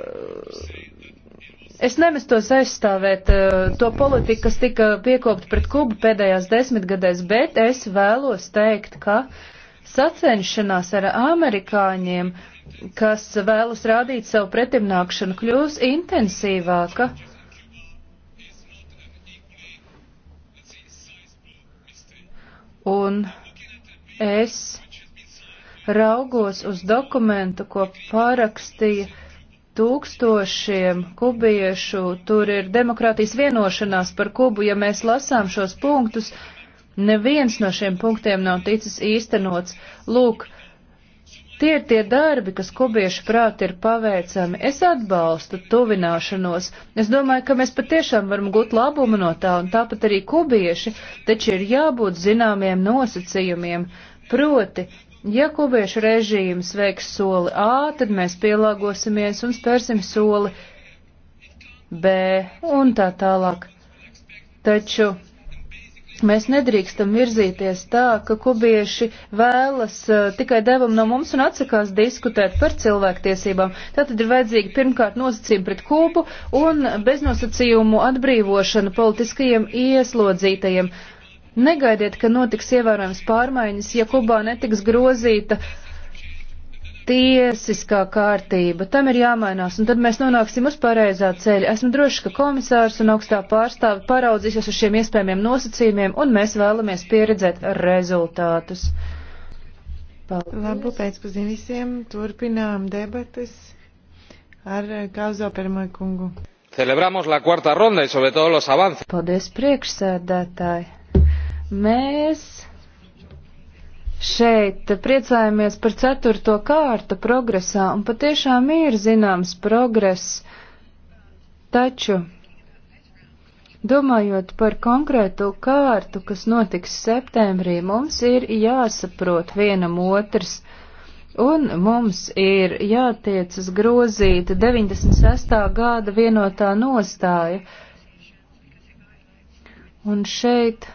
Es nemestos aizstāvēt uh, to politiku, kas tika piekopta pret Kubu pēdējās desmitgadēs, bet es vēlos teikt, ka sacenšanās ar amerikāņiem, kas vēlas rādīt savu pretimnākšanu, kļūs intensīvāka. Un es raugos uz dokumentu, ko pārakstīja tūkstošiem kubiešu, tur ir demokrātijas vienošanās par Kubu. Ja mēs lasām šos punktus, neviens no šiem punktiem nav ticis īstenots. Lūk, tie ir tie darbi, kas kubiešu prāti ir paveicami. Es atbalstu tuvināšanos. Es domāju, ka mēs patiešām varam gūt labumu no tā, un tāpat arī kubieši, taču ir jābūt zināmiem nosacījumiem. Proti, Ja kubiešu režīms veiks soli A, tad mēs pielāgosimies un spērsim soli B un tā tālāk. Taču mēs nedrīkstam virzīties tā, ka kubieši vēlas uh, tikai devumu no mums un atsakās diskutēt par cilvēktiesībām. Tātad ir vajadzīga pirmkārt nosacījuma pret Kūbu un beznosacījumu atbrīvošana politiskajiem ieslodzītajiem. Uh, Negaidiet, ka notiks ievērojams pārmaiņas, ja Kubā netiks grozīta tiesiskā kārtība. Tam ir jāmainās, un tad mēs nonāksim uz pareizā ceļa. Esmu droši, ka komisārs un augstā pārstāve paraudzīsies uz šiem iespējamiem nosacījumiem, un mēs vēlamies pieredzēt rezultātus. Paldies. Labu pēcpusdienu visiem. Turpinām debates ar Kauzo Permoju kungu. Celebramos la cuarta ronda y sobre todo los avances. Paldies priekšsēdētāji. Mēs šeit priecājamies par ceturto kārtu progresā, un patiešām ir zināms progress, taču, domājot par konkrēto kārtu, kas notiks septembrī, mums ir jāsaprot vienam otrs, un mums ir jātiecas grozīt 96. gada vienotā nostāja. Un šeit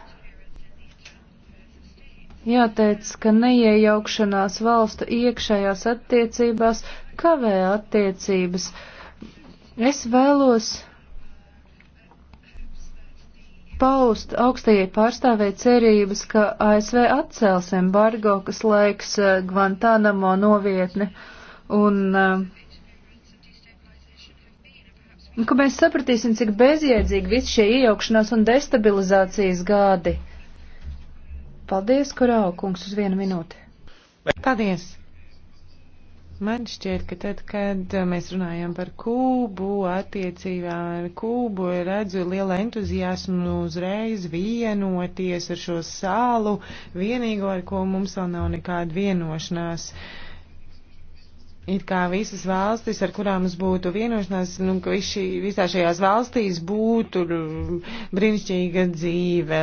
Jāteic, ka neiejaukšanās valstu iekšējās attiecībās kavē attiecības. Es vēlos paust augstajai pārstāvēji cerības, ka ASV atcels embargo, kas laiks eh, Guantanamo novietni, un, un eh, ka mēs sapratīsim, cik bezjēdzīgi viss šie iejaukšanās un destabilizācijas gadi. Paldies, Korau, kungs, uz vienu minūti. Paldies! Man šķiet, ka tad, kad mēs runājam par Kūbu, attiecībā ar Kūbu, redzu lielu entuziasmu uzreiz vienoties ar šo salu, vienīgo, ar ko mums vēl nav nekāda vienošanās. Uh, It kā visas valstis, ar kurām mums būtu vienošanās, nu, ka visi, visā šajās valstīs būtu brīnišķīga dzīve.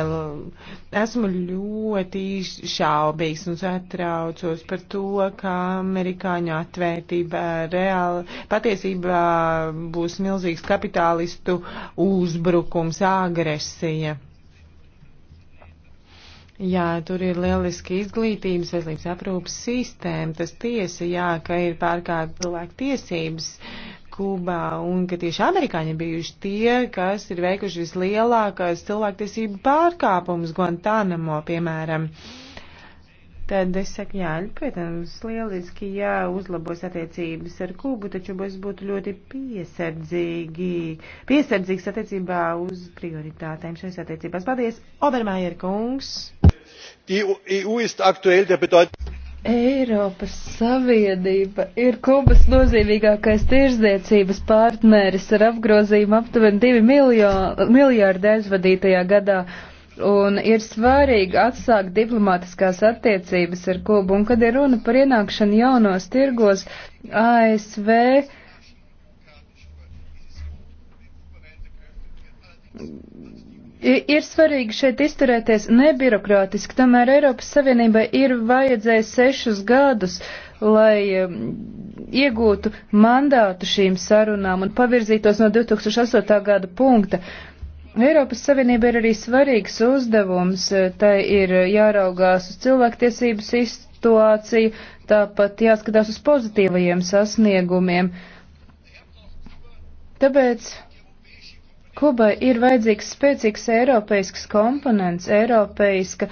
Esmu ļoti šaubīgs un satraucos par to, ka amerikāņu atvērtība reāli patiesībā būs milzīgs kapitālistu uzbrukums, agresija. Jā, tur ir lieliski izglītības, veselības aprūpas sistēma, tas tiesa, jā, ka ir pārkārt cilvēku tiesības. Kubā, un ka tieši amerikāņi bijuši tie, kas ir veikuši vislielākās cilvēktiesību pārkāpumus Guantanamo, piemēram. Tad es saku, jā, protams, lieliski, jā, uzlabos attiecības ar Kubu, taču es būtu ļoti piesardzīgi, piesardzīgs attiecībā uz prioritātēm šajās attiecībās. Paldies, Obermājer kungs! die eu e ist aktuell der bedeutendste. Eiropas Savienība ir Kubas nozīmīgākais tirzniecības partneris ar apgrozījumu aptuveni 2 miljārdi aizvadītajā gadā. Un ir svarīgi atsākt diplomātiskās attiecības ar Kubu. Un kad ir runa par ienākšanu jaunos tirgos, ASV Ir svarīgi šeit izturēties nebirokrātiski, tomēr Eiropas Savienībai ir vajadzējis sešus gadus, lai um, iegūtu mandātu šīm sarunām un pavirzītos no 2008. gada punkta. Eiropas Savienība ir arī svarīgs uzdevums, eh, tai ir jāraugās uz cilvēktiesību situāciju, tāpat jāskatās uz pozitīvajiem sasniegumiem. Tāpēc Kubai ir vajadzīgs spēcīgs eiropeisks komponents, eiropeiska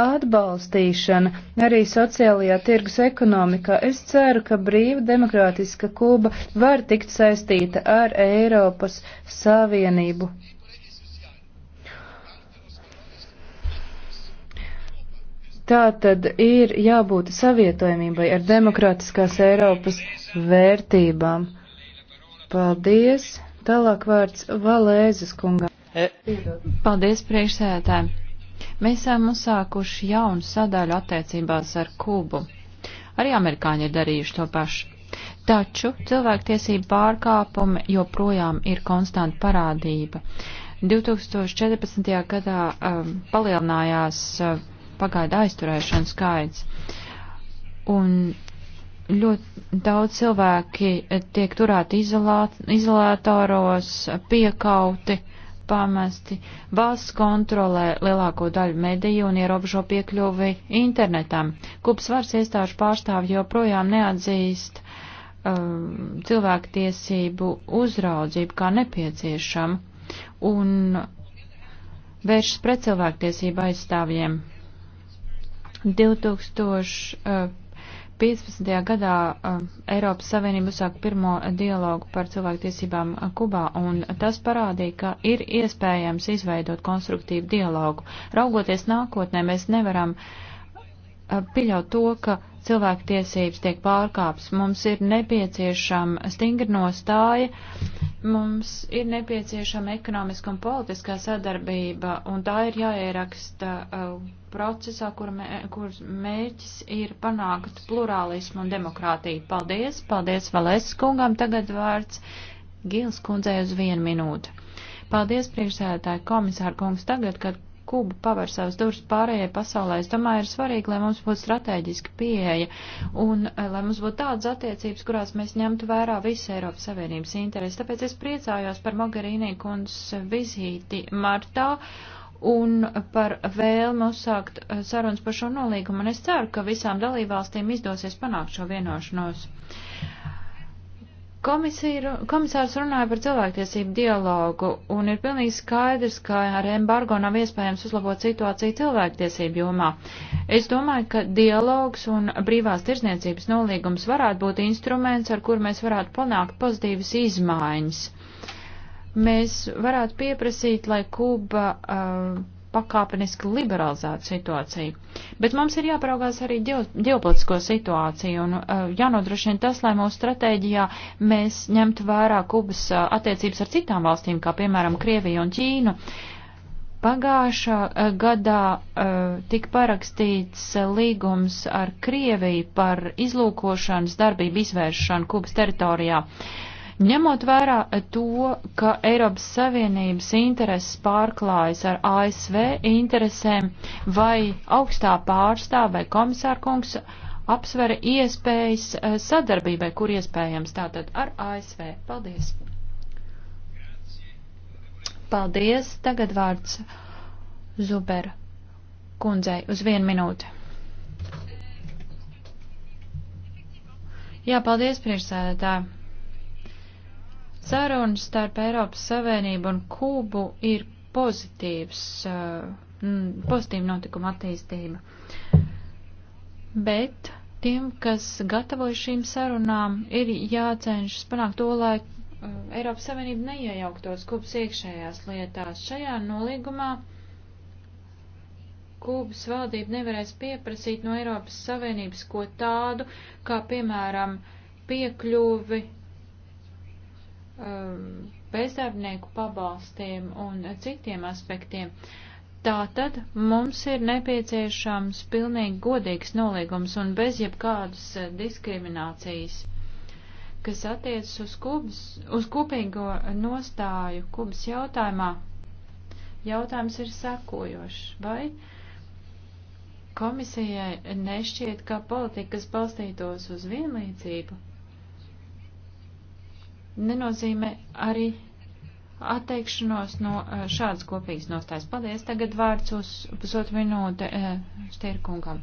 atbalstīšana arī sociālajā tirgus ekonomikā. Es ceru, ka brīva demokrātiska Kuba var tikt saistīta ar Eiropas Savienību. Tā tad ir jābūt savietojumībai ar demokrātiskās Eiropas vērtībām. Paldies! Tālāk vārds Valēzes kungam. E. Paldies priekšsēdētājiem. Mēs esam uzsākuši jaunu sadaļu attiecībās ar Kubu. Arī amerikāņi ir darījuši to pašu. Taču cilvēktiesību pārkāpumi joprojām ir konstanta parādība. 2014. gadā um, palielinājās uh, pagaida aizturēšanas skaits. Un ļoti daudz cilvēki tiek turēti izolāt, izolatoros, piekauti, pamesti. Valsts kontrolē lielāko daļu mediju un ierobežo piekļuvi internetam. Kupsvars iestāžu pārstāvji joprojām neatzīst um, cilvēktiesību uzraudzību kā nepieciešamu un vēršas pret cilvēktiesību aizstāvjiem. 2000, uh, 15. gadā uh, Eiropas Savienība uzsāka pirmo dialogu par cilvēktiesībām uh, Kubā, un tas parādīja, ka ir iespējams izveidot konstruktīvu dialogu. Raugoties nākotnē, mēs nevaram uh, pieļaut to, ka cilvēktiesības tiek pārkāps. Mums ir nepieciešama stingra nostāja, mums ir nepieciešama ekonomiska un politiskā sadarbība, un tā ir jāieraksta. Uh, procesā, kur, mē, kur mērķis ir panākt plurālismu un demokrātiju. Paldies, paldies Valēs kungam. Tagad vārds Gils kundzei uz vienu minūtu. Paldies, priekšsēdētāji komisāra kungs. Tagad, kad Kuba paver savas durvis pārējai pasaulē, es domāju, ir svarīgi, lai mums būtu strateģiska pieeja un eh, lai mums būtu tādas attiecības, kurās mēs ņemtu vērā visu Eiropas Savienības interesi. Tāpēc es priecājos par Mogherīnī kundzes vizīti martā un par vēlmu uzsākt eh, sarunas par šo nolīgumu. Un es ceru, ka visām dalībvalstīm izdosies panākt šo vienošanos. Komisīru, komisārs runāja par cilvēktiesību dialogu un ir pilnīgi skaidrs, ka ar embargo nav iespējams uzlabot situāciju cilvēktiesību jomā. Es domāju, ka dialogs un brīvās tirzniecības nolīgums varētu būt instruments, ar kur mēs varētu panākt pozitīvas izmaiņas mēs varētu pieprasīt, lai Kuba uh, pakāpeniski liberalizētu situāciju. Bet mums ir jāparaugās arī ģeopolitisko situāciju un uh, jānodrošina tas, lai mūsu stratēģijā mēs ņemtu vērā Kubas uh, attiecības ar citām valstīm, kā piemēram Krieviju un Ķīnu. Pagājušā uh, gadā uh, tika parakstīts uh, līgums ar Krieviju par izlūkošanas darbību izvēršanu Kubas teritorijā. Uh, Ņemot vērā to, ka Eiropas Savienības intereses pārklājas ar ASV interesēm, vai augstā pārstāv vai komisārkungs apsvera iespējas eh, sadarbībai, kur iespējams tātad ar ASV. Paldies! Paldies! Tagad vārds Zubera kundzei uz vienu minūti. Jā, paldies, priekšsēdētāji! Sarunas starp Eiropas Savienību un Kūbu ir pozitīvs, uh, mm, pozitīva notikuma attīstība. Bet tiem, kas gatavoja šīm sarunām, ir jācenšas panākt to, lai uh, Eiropas Savienība neiejauktos Kubas iekšējās lietās. Šajā nolīgumā Kubas valdība nevarēs pieprasīt no Eiropas Savienības ko tādu, kā piemēram piekļuvi Um, bezdarbnieku pabalstiem un citiem aspektiem. Tātad mums ir nepieciešams pilnīgi godīgs nolīgums un bez jebkādas uh, diskriminācijas, kas attiecas uz, kubas, uz kopīgo nostāju kubas jautājumā. Jautājums ir sekojošs. Vai komisijai nešķiet, ka politika, kas balstītos uz vienlīdzību, nenozīmē arī atteikšanos no eh, šādas kopīgas nostājas. Paldies. Tagad vārds uz pusotru minūte eh, Stierkungam.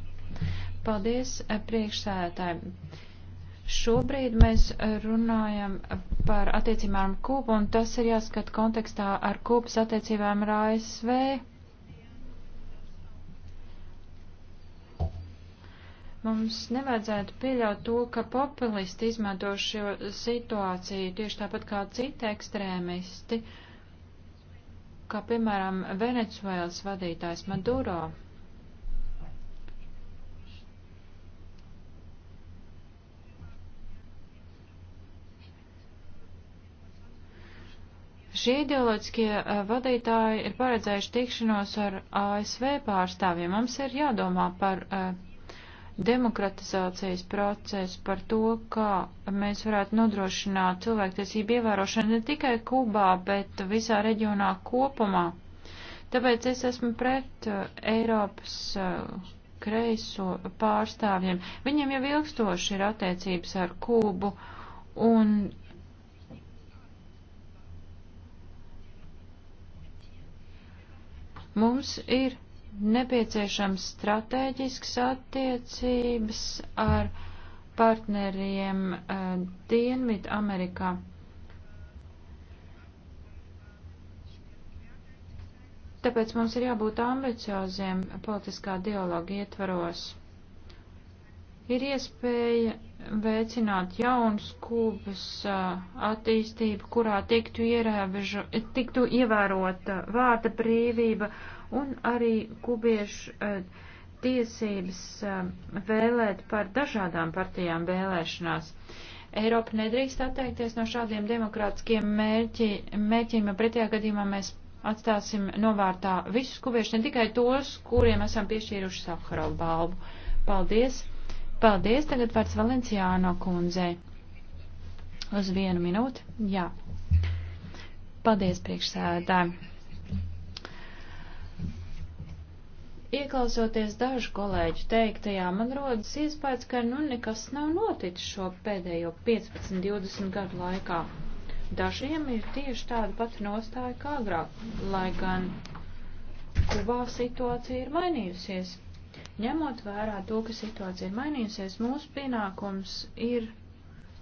Paldies, eh, priekšsēdētāji. Šobrīd mēs runājam par attiecībām ar Kūbu, un tas ir jāskat kontekstā ar Kūpas attiecībām ar ASV Mums nevajadzētu pieļaut to, ka populisti izmanto šo situāciju tieši tāpat kā citi ekstrēmisti, kā piemēram Venecuēlas vadītājs Maduro. Šie ideoloģiskie eh, vadītāji ir paredzējuši tikšanos ar ASV pārstāvjiem. Mums ir jādomā par uh, demokratizācijas procesu, par to, kā mēs varētu nodrošināt cilvēktiesību ievērošanu ne tikai Kubā, bet visā reģionā kopumā. Tāpēc es esmu pret uh, Eiropas uh, kreiso pārstāvjiem. Viņiem jau ilgstoši ir attiecības ar Kubu un mums ir nepieciešams stratēģisks attiecības ar partneriem uh, eh, Dienvidu Amerikā. Tāpēc mums ir jābūt ambicioziem politiskā dialoga ietvaros. Ir iespēja veicināt jaunas Kūbas eh, attīstību, kurā tiktu, ievēžu, tiktu ievērota vārda brīvība un arī kubiešu eh, tiesības eh, vēlēt par dažādām partijām vēlēšanās. Eiropa nedrīkst atteikties no šādiem demokrātiskiem mērķi, mērķiem, jo pretējā gadījumā mēs atstāsim novārtā visus kuviešus, ne tikai tos, kuriem esam piešķīruši Sakarovu balvu. Paldies! Paldies! Tagad vārds Valenciāno kundzei. Uz vienu minūti. Jā. Paldies, priekšsēdētāji. Ieklausoties dažu kolēģu teiktajā, man rodas iespējas, ka nu nekas nav noticis šo pēdējo 15-20 gadu laikā. Dažiem ir tieši tāda pati nostāja kā agrāk, lai gan Kubā situācija ir mainījusies. Ņemot vērā to, ka situācija ir mainījusies, mūsu pienākums ir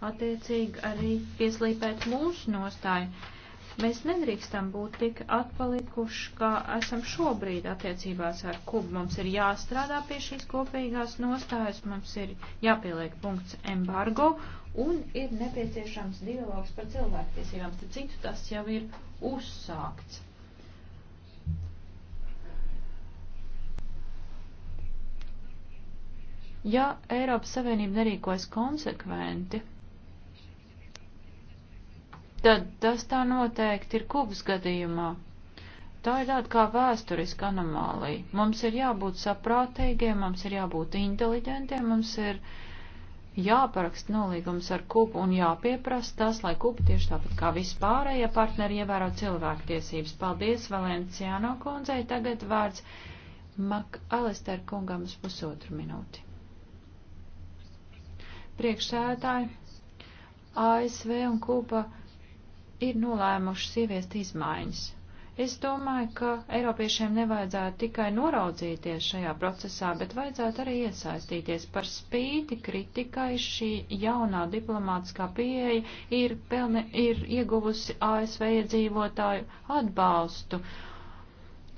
attiecīgi arī pieslīpēt mūsu nostāju Mēs nedrīkstam būt tik atpalikuši, kā esam šobrīd attiecībās ar Kubu. Mums ir jāstrādā pie šīs kopīgās nostājas, mums ir jāpieliek punkts embargo un ir nepieciešams dialogs par cilvēktiesībām. Starp citu, tas jau ir uzsākts. Ja Eiropas Savienība nerīkojas konsekventi, tad tas tā noteikti ir Kubas gadījumā. Tā ir tāda kā vēsturiska anomālija. Mums ir jābūt saprātīgiem, mums ir jābūt inteliģentiem, mums ir jāparaksta nolīgums ar Kubu un jāpieprasa tas, lai Kuba tieši tāpat kā vispārējie partneri ievēro cilvēktiesības. Paldies Valenciāno kundzei, tagad vārds Mak Alister kungam uz pusotru minūti. Priekšsētāji, ASV un Kuba ir nolēmušas ieviest izmaiņas. Es domāju, ka Eiropiešiem nevajadzētu tikai noraudzīties šajā procesā, bet vajadzētu arī iesaistīties. Par spīti kritikai šī jaunā diplomātiskā pieeja ir, pelne, ir ieguvusi ASV iedzīvotāju atbalstu.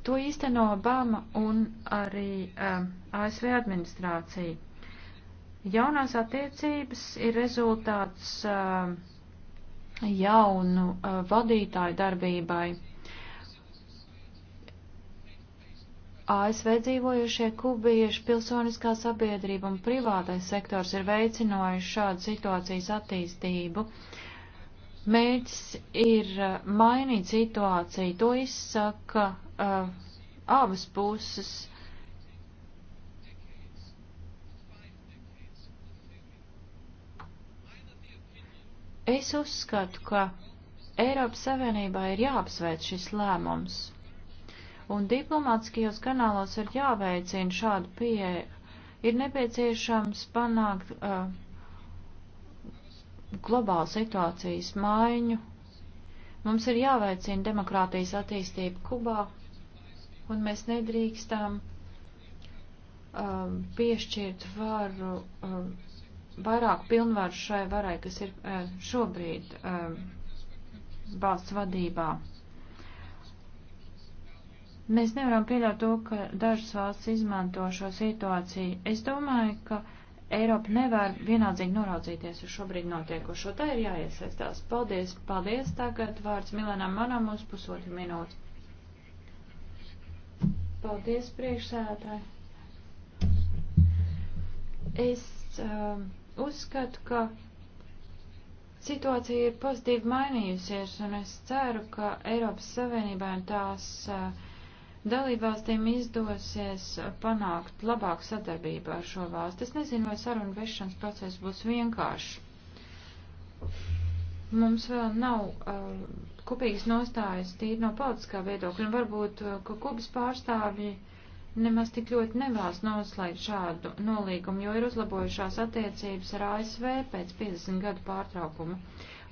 To īsteno Obama un arī um, ASV administrācija. Jaunās attiecības ir rezultāts. Um, jaunu uh, vadītāju darbībai. ASV dzīvojušie kubieši, pilsoniskā sabiedrība un privātais sektors ir veicinājuši šādu situācijas attīstību. Mērķis ir uh, mainīt situāciju, to izsaka uh, abas puses. Es uzskatu, ka Eiropas Savienībā ir jāapsveic šis lēmums, un diplomātskajos kanālos ir jāveicina šādu pieeju. Ir nepieciešams panākt uh, globālu situācijas maiņu. Mums ir jāveicina demokrātijas attīstība Kubā, un mēs nedrīkstam um, uh, piešķirt varu. Um, uh, vairāk pilnvaru šai varai, kas ir eh, šobrīd eh, valsts vadībā. Mēs nevaram pieļaut to, ka dažas valsts izmanto šo situāciju. Es domāju, ka Eiropa nevar vienādzīgi noraudzīties uz šobrīd notiekošo. Tā ir jāiesaistās. Paldies, paldies. Tagad vārds Milenam Manam uz pusotru minūti. Paldies, priekšsēdētāji. Es. Um, uzskatu, ka situācija ir pozitīvi mainījusies, un es ceru, ka Eiropas Savienībā un tās dalībvalstīm izdosies panākt labāku sadarbību ar šo valstu. Es nezinu, vai sarunu vešanas process būs vienkāršs. Mums vēl nav uh, kopīgas nostājas tīri no politiskā viedokļa, un varbūt, ka Kubas pārstāvji uh, nemaz tik ļoti nevēlas noslēgt šādu nolīgumu, jo ir uzlabojušās attiecības ar ASV pēc 50 gadu pārtraukuma.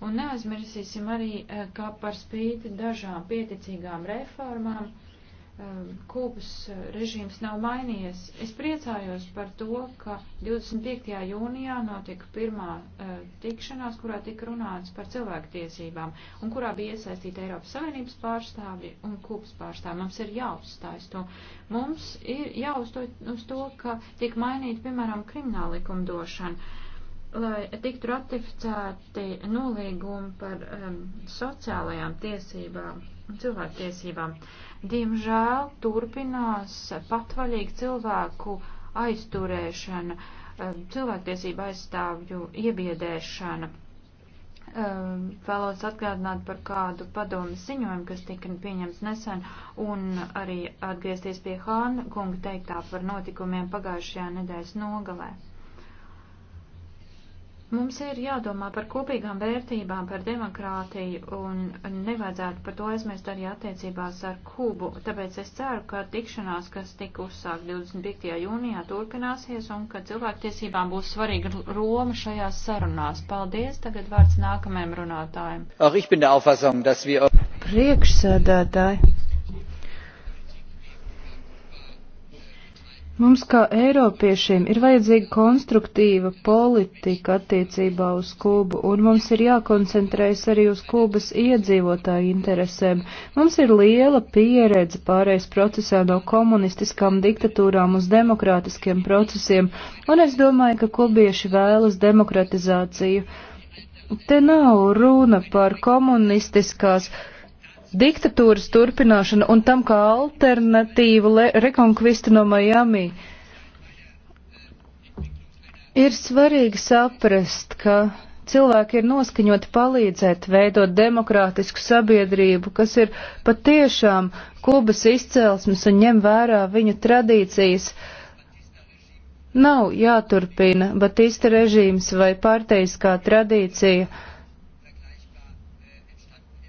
Un neaizmirsīsim arī, eh, ka par spīti dažām pieticīgām reformām Um, Kūbas uh, režīms nav mainījies. Es priecājos par to, ka 25. jūnijā notika pirmā uh, tikšanās, kurā tika runāts par cilvēktiesībām un kurā bija iesaistīta Eiropas Savienības pārstāvji un Kūbas pārstāvji. Mums ir jāuzstājas to. Mums ir jāuzstāj uz to, ka tiek mainīta, piemēram, krimināla likumdošana lai tiktu ratificēti nolīgumi par um, sociālajām tiesībām un cilvēktiesībām. Diemžēl turpinās patvaļīgi cilvēku aizturēšana, um, cilvēktiesība aizstāvju iebiedēšana. Um, vēlos atgādināt par kādu padomu ziņojumu, kas tika pieņemts nesen, un arī atgriezties pie Hāna kunga teiktā par notikumiem pagājušajā nedēļas nogalē. Mums ir jādomā par kopīgām vērtībām, par demokrātiju, un nevajadzētu par to aizmirst arī attiecībās ar Kubu. Tāpēc es ceru, ka tikšanās, kas tika uzsākt 25. jūnijā, turpināsies, un ka cilvēktiesībām būs svarīga Roma šajās sarunās. Paldies, tagad vārds nākamajam runātājiem. Priekšsēdētāji. Mums kā Eiropiešiem ir vajadzīga konstruktīva politika attiecībā uz Kubu, un mums ir jākoncentrējas arī uz Kubas iedzīvotāju interesēm. Mums ir liela pieredze pārējais procesā no komunistiskām diktatūrām uz demokrātiskiem procesiem, un es domāju, ka kubieši vēlas demokratizāciju. Te nav runa par komunistiskās diktatūras turpināšana un tam kā alternatīva rekonkvista no Miami. Ir svarīgi saprast, ka cilvēki ir noskaņoti palīdzēt veidot demokrātisku sabiedrību, kas ir patiešām Kubas izcelsmes un ņem vērā viņu tradīcijas. Nav jāturpina Batista režīms vai parteiskā tradīcija,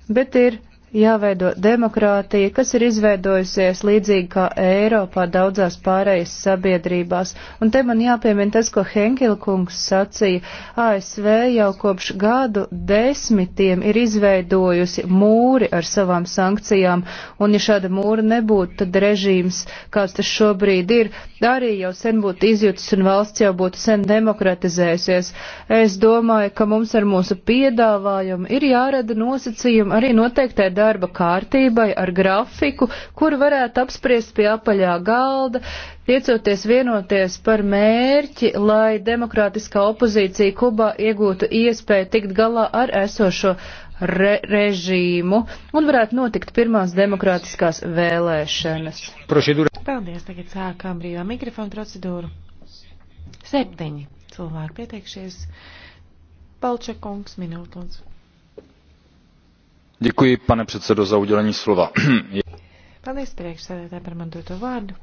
bet ir jāveido demokrātija, kas ir izveidojusies līdzīgi kā Eiropā daudzās pārējas sabiedrībās. Un te man jāpiemina tas, ko Henkelkungs sacīja. ASV jau kopš gadu desmitiem ir izveidojusi mūri ar savām sankcijām, un ja šāda mūra nebūtu, tad režīms, kāds tas šobrīd ir, arī jau sen būtu izjūtas un valsts jau būtu sen demokratizējusies. Es domāju, ka mums ar mūsu piedāvājumu ir jārada nosacījumi arī noteiktai darba kārtībai ar grafiku, kuru varētu apspriest pie apaļā galda, tiecoties vienoties par mērķi, lai demokrātiskā opozīcija Kubā iegūtu iespēju tikt galā ar esošo re režīmu un varētu notikt pirmās demokrātiskās vēlēšanas. Procedūra. Paldies, tagad sākām brīvā mikrofona procedūru. Septiņi cilvēki pieteikšies. Palčakungs minūte, lūdzu. Děkuji, pane předsedo, za udělení slova. Paldies priekšsēdētāji par man doto vārdu.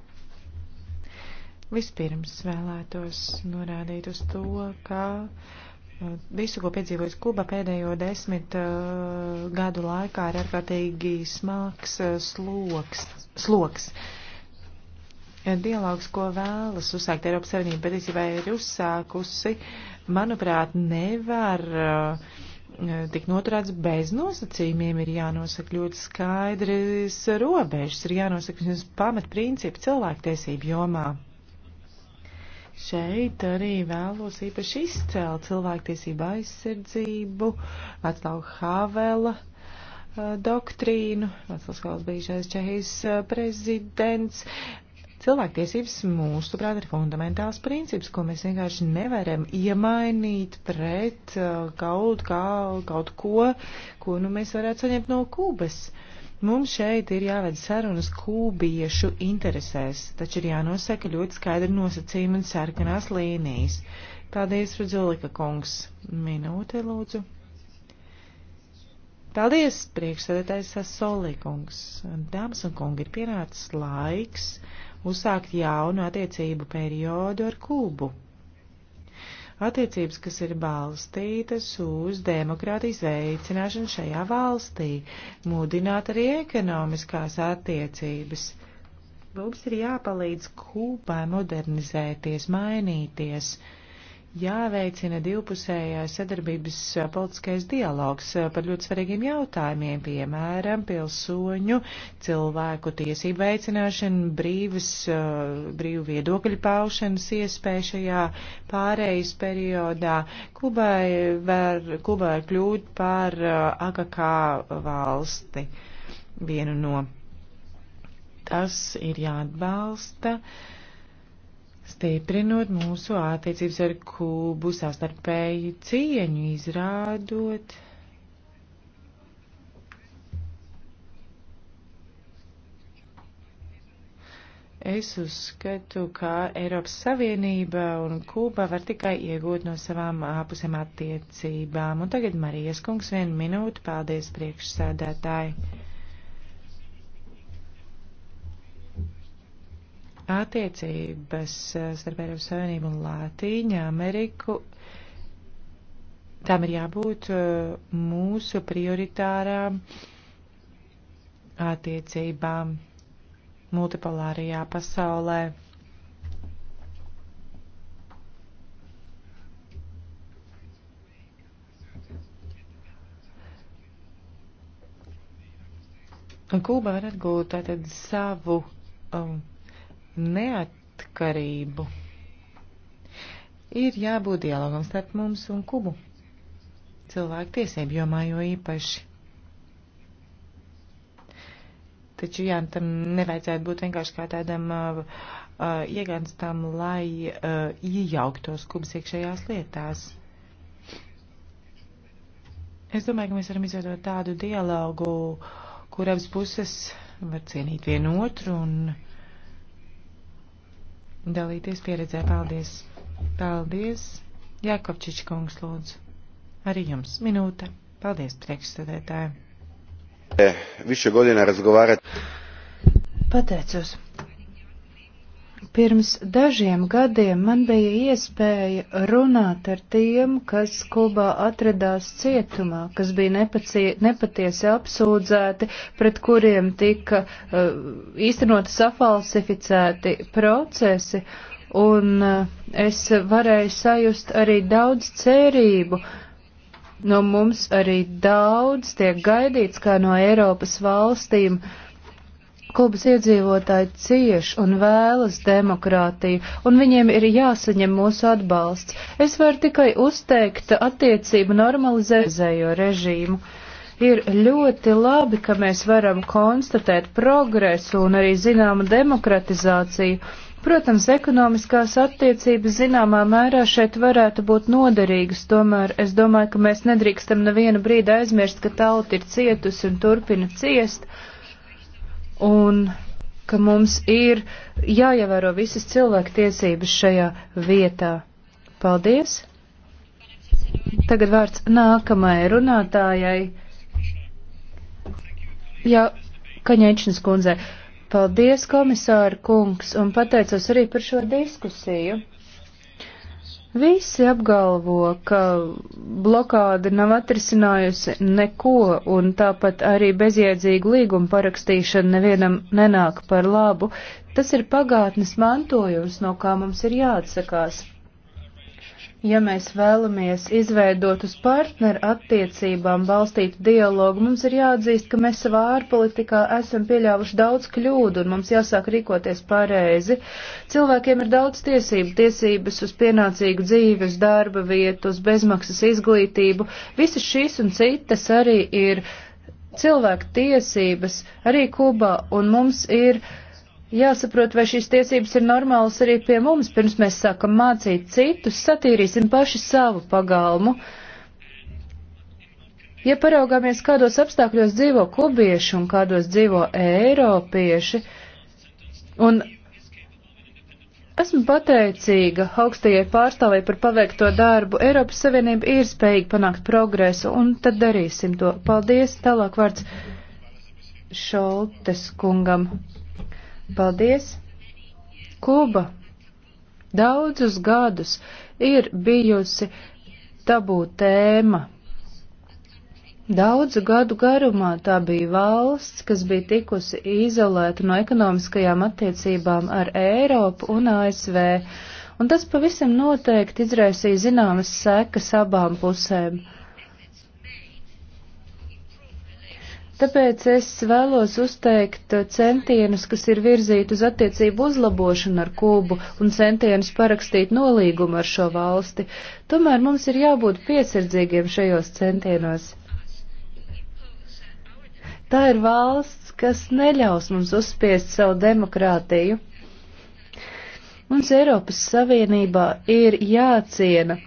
Vispirms vēlētos norādīt uz to, ka uh, visu, ko piedzīvojas Kuba pēdējo desmit uh, gadu laikā, ir ārkārtīgi smags uh, sloks. sloks. Dialogs, ko vēlas uzsākt Eiropas Savienība, patiesībā ir uzsākusi, manuprāt, nevar uh, tik noturēts bez nosacījumiem, ir jānosaka ļoti skaidrs robežas, ir jānosaka pamatprincipi cilvēktiesību jomā. Šeit arī vēlos īpaši izcelt cilvēktiesību aizsardzību, Vaclavu Havela eh, doktrīnu. Vaclavs Havels bijušais Čehijas eh, prezidents Cilvēktiesības, mūsuprāt, ir fundamentāls princips, ko mēs vienkārši nevaram iemainīt pret uh, kaut, kā, kaut ko, ko nu, mēs varētu saņemt no Kūbas. Mums šeit ir jāved sarunas kūbiešu interesēs, taču ir jānosaka ļoti skaidri nosacījumi un sarkanās līnijas. Paldies, Rudzulika kungs. Minūte, lūdzu. Paldies, priekšsēdētājs Sasolī kungs. Dāmas un kungi, ir pienācis laiks uzsākt jaunu attiecību periodu ar Kūbu. Attiecības, kas ir balstītas uz demokrātijas veicināšanu šajā valstī, mudināt arī ekonomiskās attiecības. Mums ir jāpalīdz Kūbai modernizēties, mainīties. Uh, jāveicina divpusējās sadarbības politiskais dialogs par ļoti svarīgiem jautājumiem, piemēram, pilsoņu, cilvēku tiesību veicināšanu, brīvas, brīvu viedokļu paušanas iespēju šajā pārejas periodā. Kubai var, Kuba var kļūt par AKK valsti vienu no. Tas ir jāatbalsta. Uh, stiprinot mūsu attiecības ar Kubu, sastarpēju cieņu izrādot. Es uzskatu, ka Eiropas Savienība un Kuba var tikai iegūt no savām ārpusēm attiecībām. Un tagad Marijas kungs vienu minūtu. Paldies priekšsēdētāji. attiecības eh, starp Eiropas Savienību un Latīņu Ameriku. Tām ir jābūt eh, mūsu prioritārām attiecībām multipolārajā pasaulē. Un Kūba var atgūt tātad savu um, neatkarību. Ir jābūt dialogam starp mums un Kubu cilvēku tiesību jomā jo īpaši. Taču jā, tam nevajadzētu būt vienkārši kā tādam uh, uh, ieganstam, lai uh, iejauktos kubas iekšējās lietās. Es domāju, ka mēs varam izveidot tādu dialogu, kur abas puses var cienīt vienu otru un dalīties pieredzē. Paldies! Paldies! Jākopčič kungs lūdzu. Arī jums minūte. Paldies, priekšsēdētāji. Više godina razgovarati. Pateicos. Pirms dažiem gadiem man bija iespēja runāt ar tiem, kas Kubā atradās cietumā, kas bija nepacie, nepatiesi apsūdzēti, pret kuriem tika uh, īstenoti safalsificēti procesi, un uh, es varēju sajust arī daudz cerību. No mums arī daudz tiek gaidīts kā no Eiropas valstīm. Uh, Kubas iedzīvotāji cieš un vēlas demokrātiju, un viņiem ir jāsaņem mūsu atbalsts. Es varu tikai uzteikt attiecību normalizēzējo režīmu. Ir ļoti labi, ka mēs varam konstatēt progresu un arī zināmu demokratizāciju. Protams, ekonomiskās attiecības zināmā mērā šeit varētu būt noderīgas, tomēr es domāju, ka mēs nedrīkstam nevienu brīdi aizmirst, ka tauta ir cietusi un turpina ciest. Uh, un ka mums ir jāievēro visas cilvēku tiesības šajā vietā. Paldies! Tagad vārds nākamajai runātājai. Jā, Kaņēčnes kundzei. Paldies, komisāra kungs, un pateicos arī par šo diskusiju. Visi apgalvo, ka blokāda nav atrisinājusi neko, un tāpat arī bezjēdzīga līguma parakstīšana nevienam nenāk par labu. Tas ir pagātnes mantojums, no kā mums ir jāatsakās. Ja mēs vēlamies izveidot uz partneru attiecībām balstītu dialogu, mums ir jāatzīst, ka mēs savā ārpolitikā esam pieļāvuši daudz kļūdu un mums jāsāk rīkoties pareizi. Cilvēkiem ir daudz tiesību, tiesības uz pienācīgu dzīvi, uz darba vietu, uz bezmaksas izglītību. Visas šīs un citas arī ir cilvēku tiesības arī Kubā un mums ir Jāsaprot, vai šīs tiesības ir normālas arī pie mums, pirms mēs sākam mācīt citus, satīrīsim paši savu pagalmu. Ja paraugāmies, kādos apstākļos dzīvo kubieši un kādos dzīvo eiropieši, un esmu pateicīga augstajai pārstāvēji par paveikto darbu, Eiropas Savienība ir spējīga panākt progresu, un tad darīsim to. Paldies, tālāk vārds Šoltes kungam. Paldies! Kuba daudzus gadus ir bijusi tabū tēma. Daudzu gadu garumā tā bija valsts, kas bija tikusi izolēta no ekonomiskajām attiecībām ar Eiropu un ASV, un tas pavisam noteikti izraisīja zināmas sekas abām pusēm. Tāpēc es vēlos uzteikt centienus, kas ir virzīti uz attiecību uzlabošanu ar Kubu un centienus parakstīt nolīgumu ar šo valsti. Tomēr mums ir jābūt piesardzīgiem šajos centienos. Tā ir valsts, kas neļaus mums uzspiest savu demokrātiju. Mums Eiropas Savienībā ir jāciena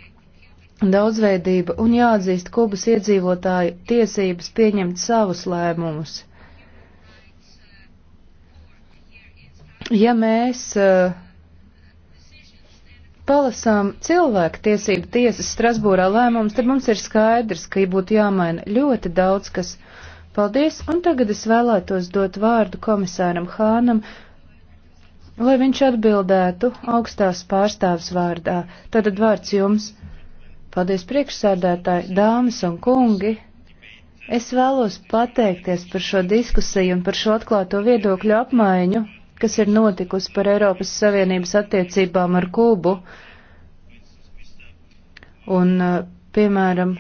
daudzveidība un jāatzīst Kubas iedzīvotāju tiesības pieņemt savus lēmumus. Ja mēs uh, palasām cilvēku tiesību tiesas Strasbūrā lēmumus, tad mums ir skaidrs, ka būtu jāmaina ļoti daudz kas. Paldies, un tagad es vēlētos dot vārdu komisāram Hānam, lai viņš atbildētu augstās pārstāvs vārdā. Tātad vārds jums. Paldies priekšsēdētāji, dāmas un kungi! Es vēlos pateikties par šo diskusiju un par šo atklāto viedokļu apmaiņu, kas ir notikusi par Eiropas Savienības attiecībām ar Kūbu. Un, uh, piemēram,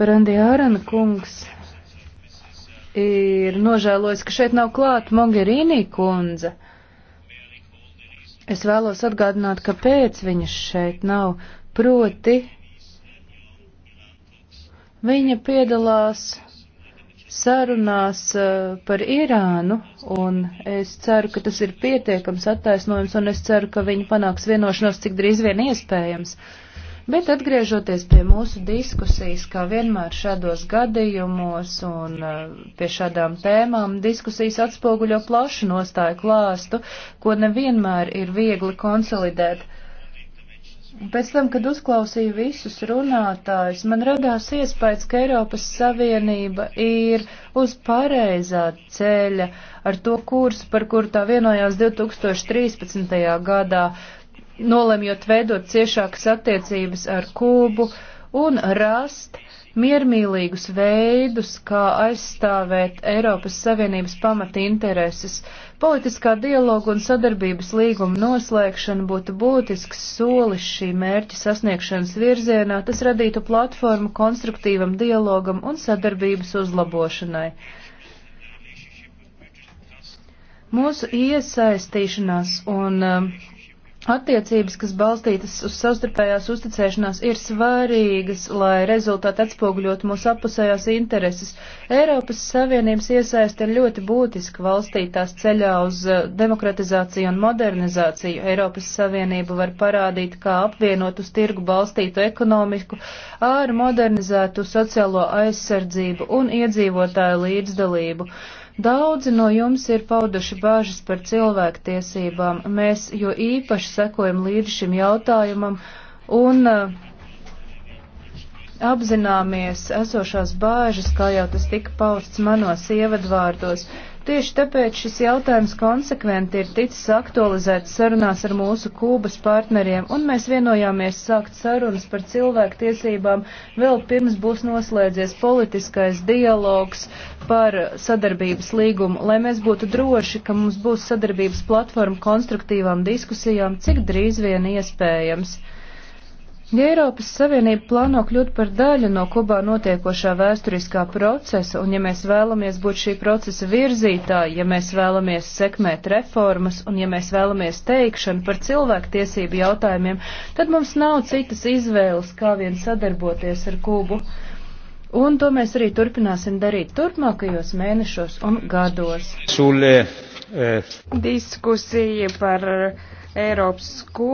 par Andi Ārana kungs ir nožēlojis, ka šeit nav klāt Mogherini kundze. Es vēlos atgādināt, kāpēc viņas šeit nav. Proti, viņa piedalās sarunās eh, par Irānu, un es ceru, ka tas ir pietiekams attaisnojums, un es ceru, ka viņi panāks vienošanos cik drīz vien iespējams. Bet atgriežoties pie mūsu diskusijas, kā vienmēr šādos gadījumos un eh, pie šādām tēmām, diskusijas atspoguļo plašu nostāju klāstu, ko nevienmēr ir viegli konsolidēt. Pēc tam, kad uzklausīju visus runātājus, man radās iespējas, ka Eiropas Savienība ir uz pareizā ceļa ar to kursu, par kuru tā vienojās 2013. gadā, nolemjot veidot ciešākas attiecības ar Kūbu, uh, un rast miermīlīgus veidus, kā aizstāvēt Eiropas Savienības pamata intereses. Politiskā dialoga un sadarbības līguma noslēgšana būtu būtisks solis šī mērķa sasniegšanas virzienā, tas radītu platformu konstruktīvam dialogam un sadarbības uzlabošanai. Mūsu iesaistīšanās un uh, Attiecības, kas balstītas uz savstarpējās uzticēšanās, ir svarīgas, lai rezultāti atspoguļotu mūsu apusējās intereses. Eiropas Savienības iesaiste ir ļoti būtiska valstī tās ceļā uz eh, demokratizāciju un modernizāciju. Eiropas Savienību var parādīt, kā apvienot uz tirgu balstītu ekonomiku ar modernizētu sociālo aizsardzību un iedzīvotāju līdzdalību. Daudzi no jums ir pauduši bāžas par cilvēktiesībām. Mēs jo īpaši sekojam līdz šim jautājumam un uh, apzināmies esošās bāžas, kā jau tas tika pausts manos ievadvārdos. Uh, Tieši tāpēc šis jautājums konsekventi ir ticis aktualizēts sarunās ar mūsu Kūbas partneriem, un mēs vienojāmies sākt sarunas par cilvēktiesībām vēl pirms būs noslēdzies politiskais dialogs par sadarbības līgumu, lai mēs būtu droši, ka mums būs sadarbības platforma konstruktīvām diskusijām, cik drīz vien iespējams. Ja Eiropas Savienība plāno kļūt par daļu no Kubā notiekošā vēsturiskā procesa, un ja mēs vēlamies būt šī procesa virzītāji, ja mēs vēlamies sekmēt reformas, un ja mēs vēlamies teikšanu par cilvēktiesību jautājumiem, tad mums nav citas izvēles, kā vien sadarboties ar Kubu. Un to mēs arī turpināsim darīt turpmākajos mēnešos un gados. Sule, eh, eh. Diskusija par Eiropas Kubu.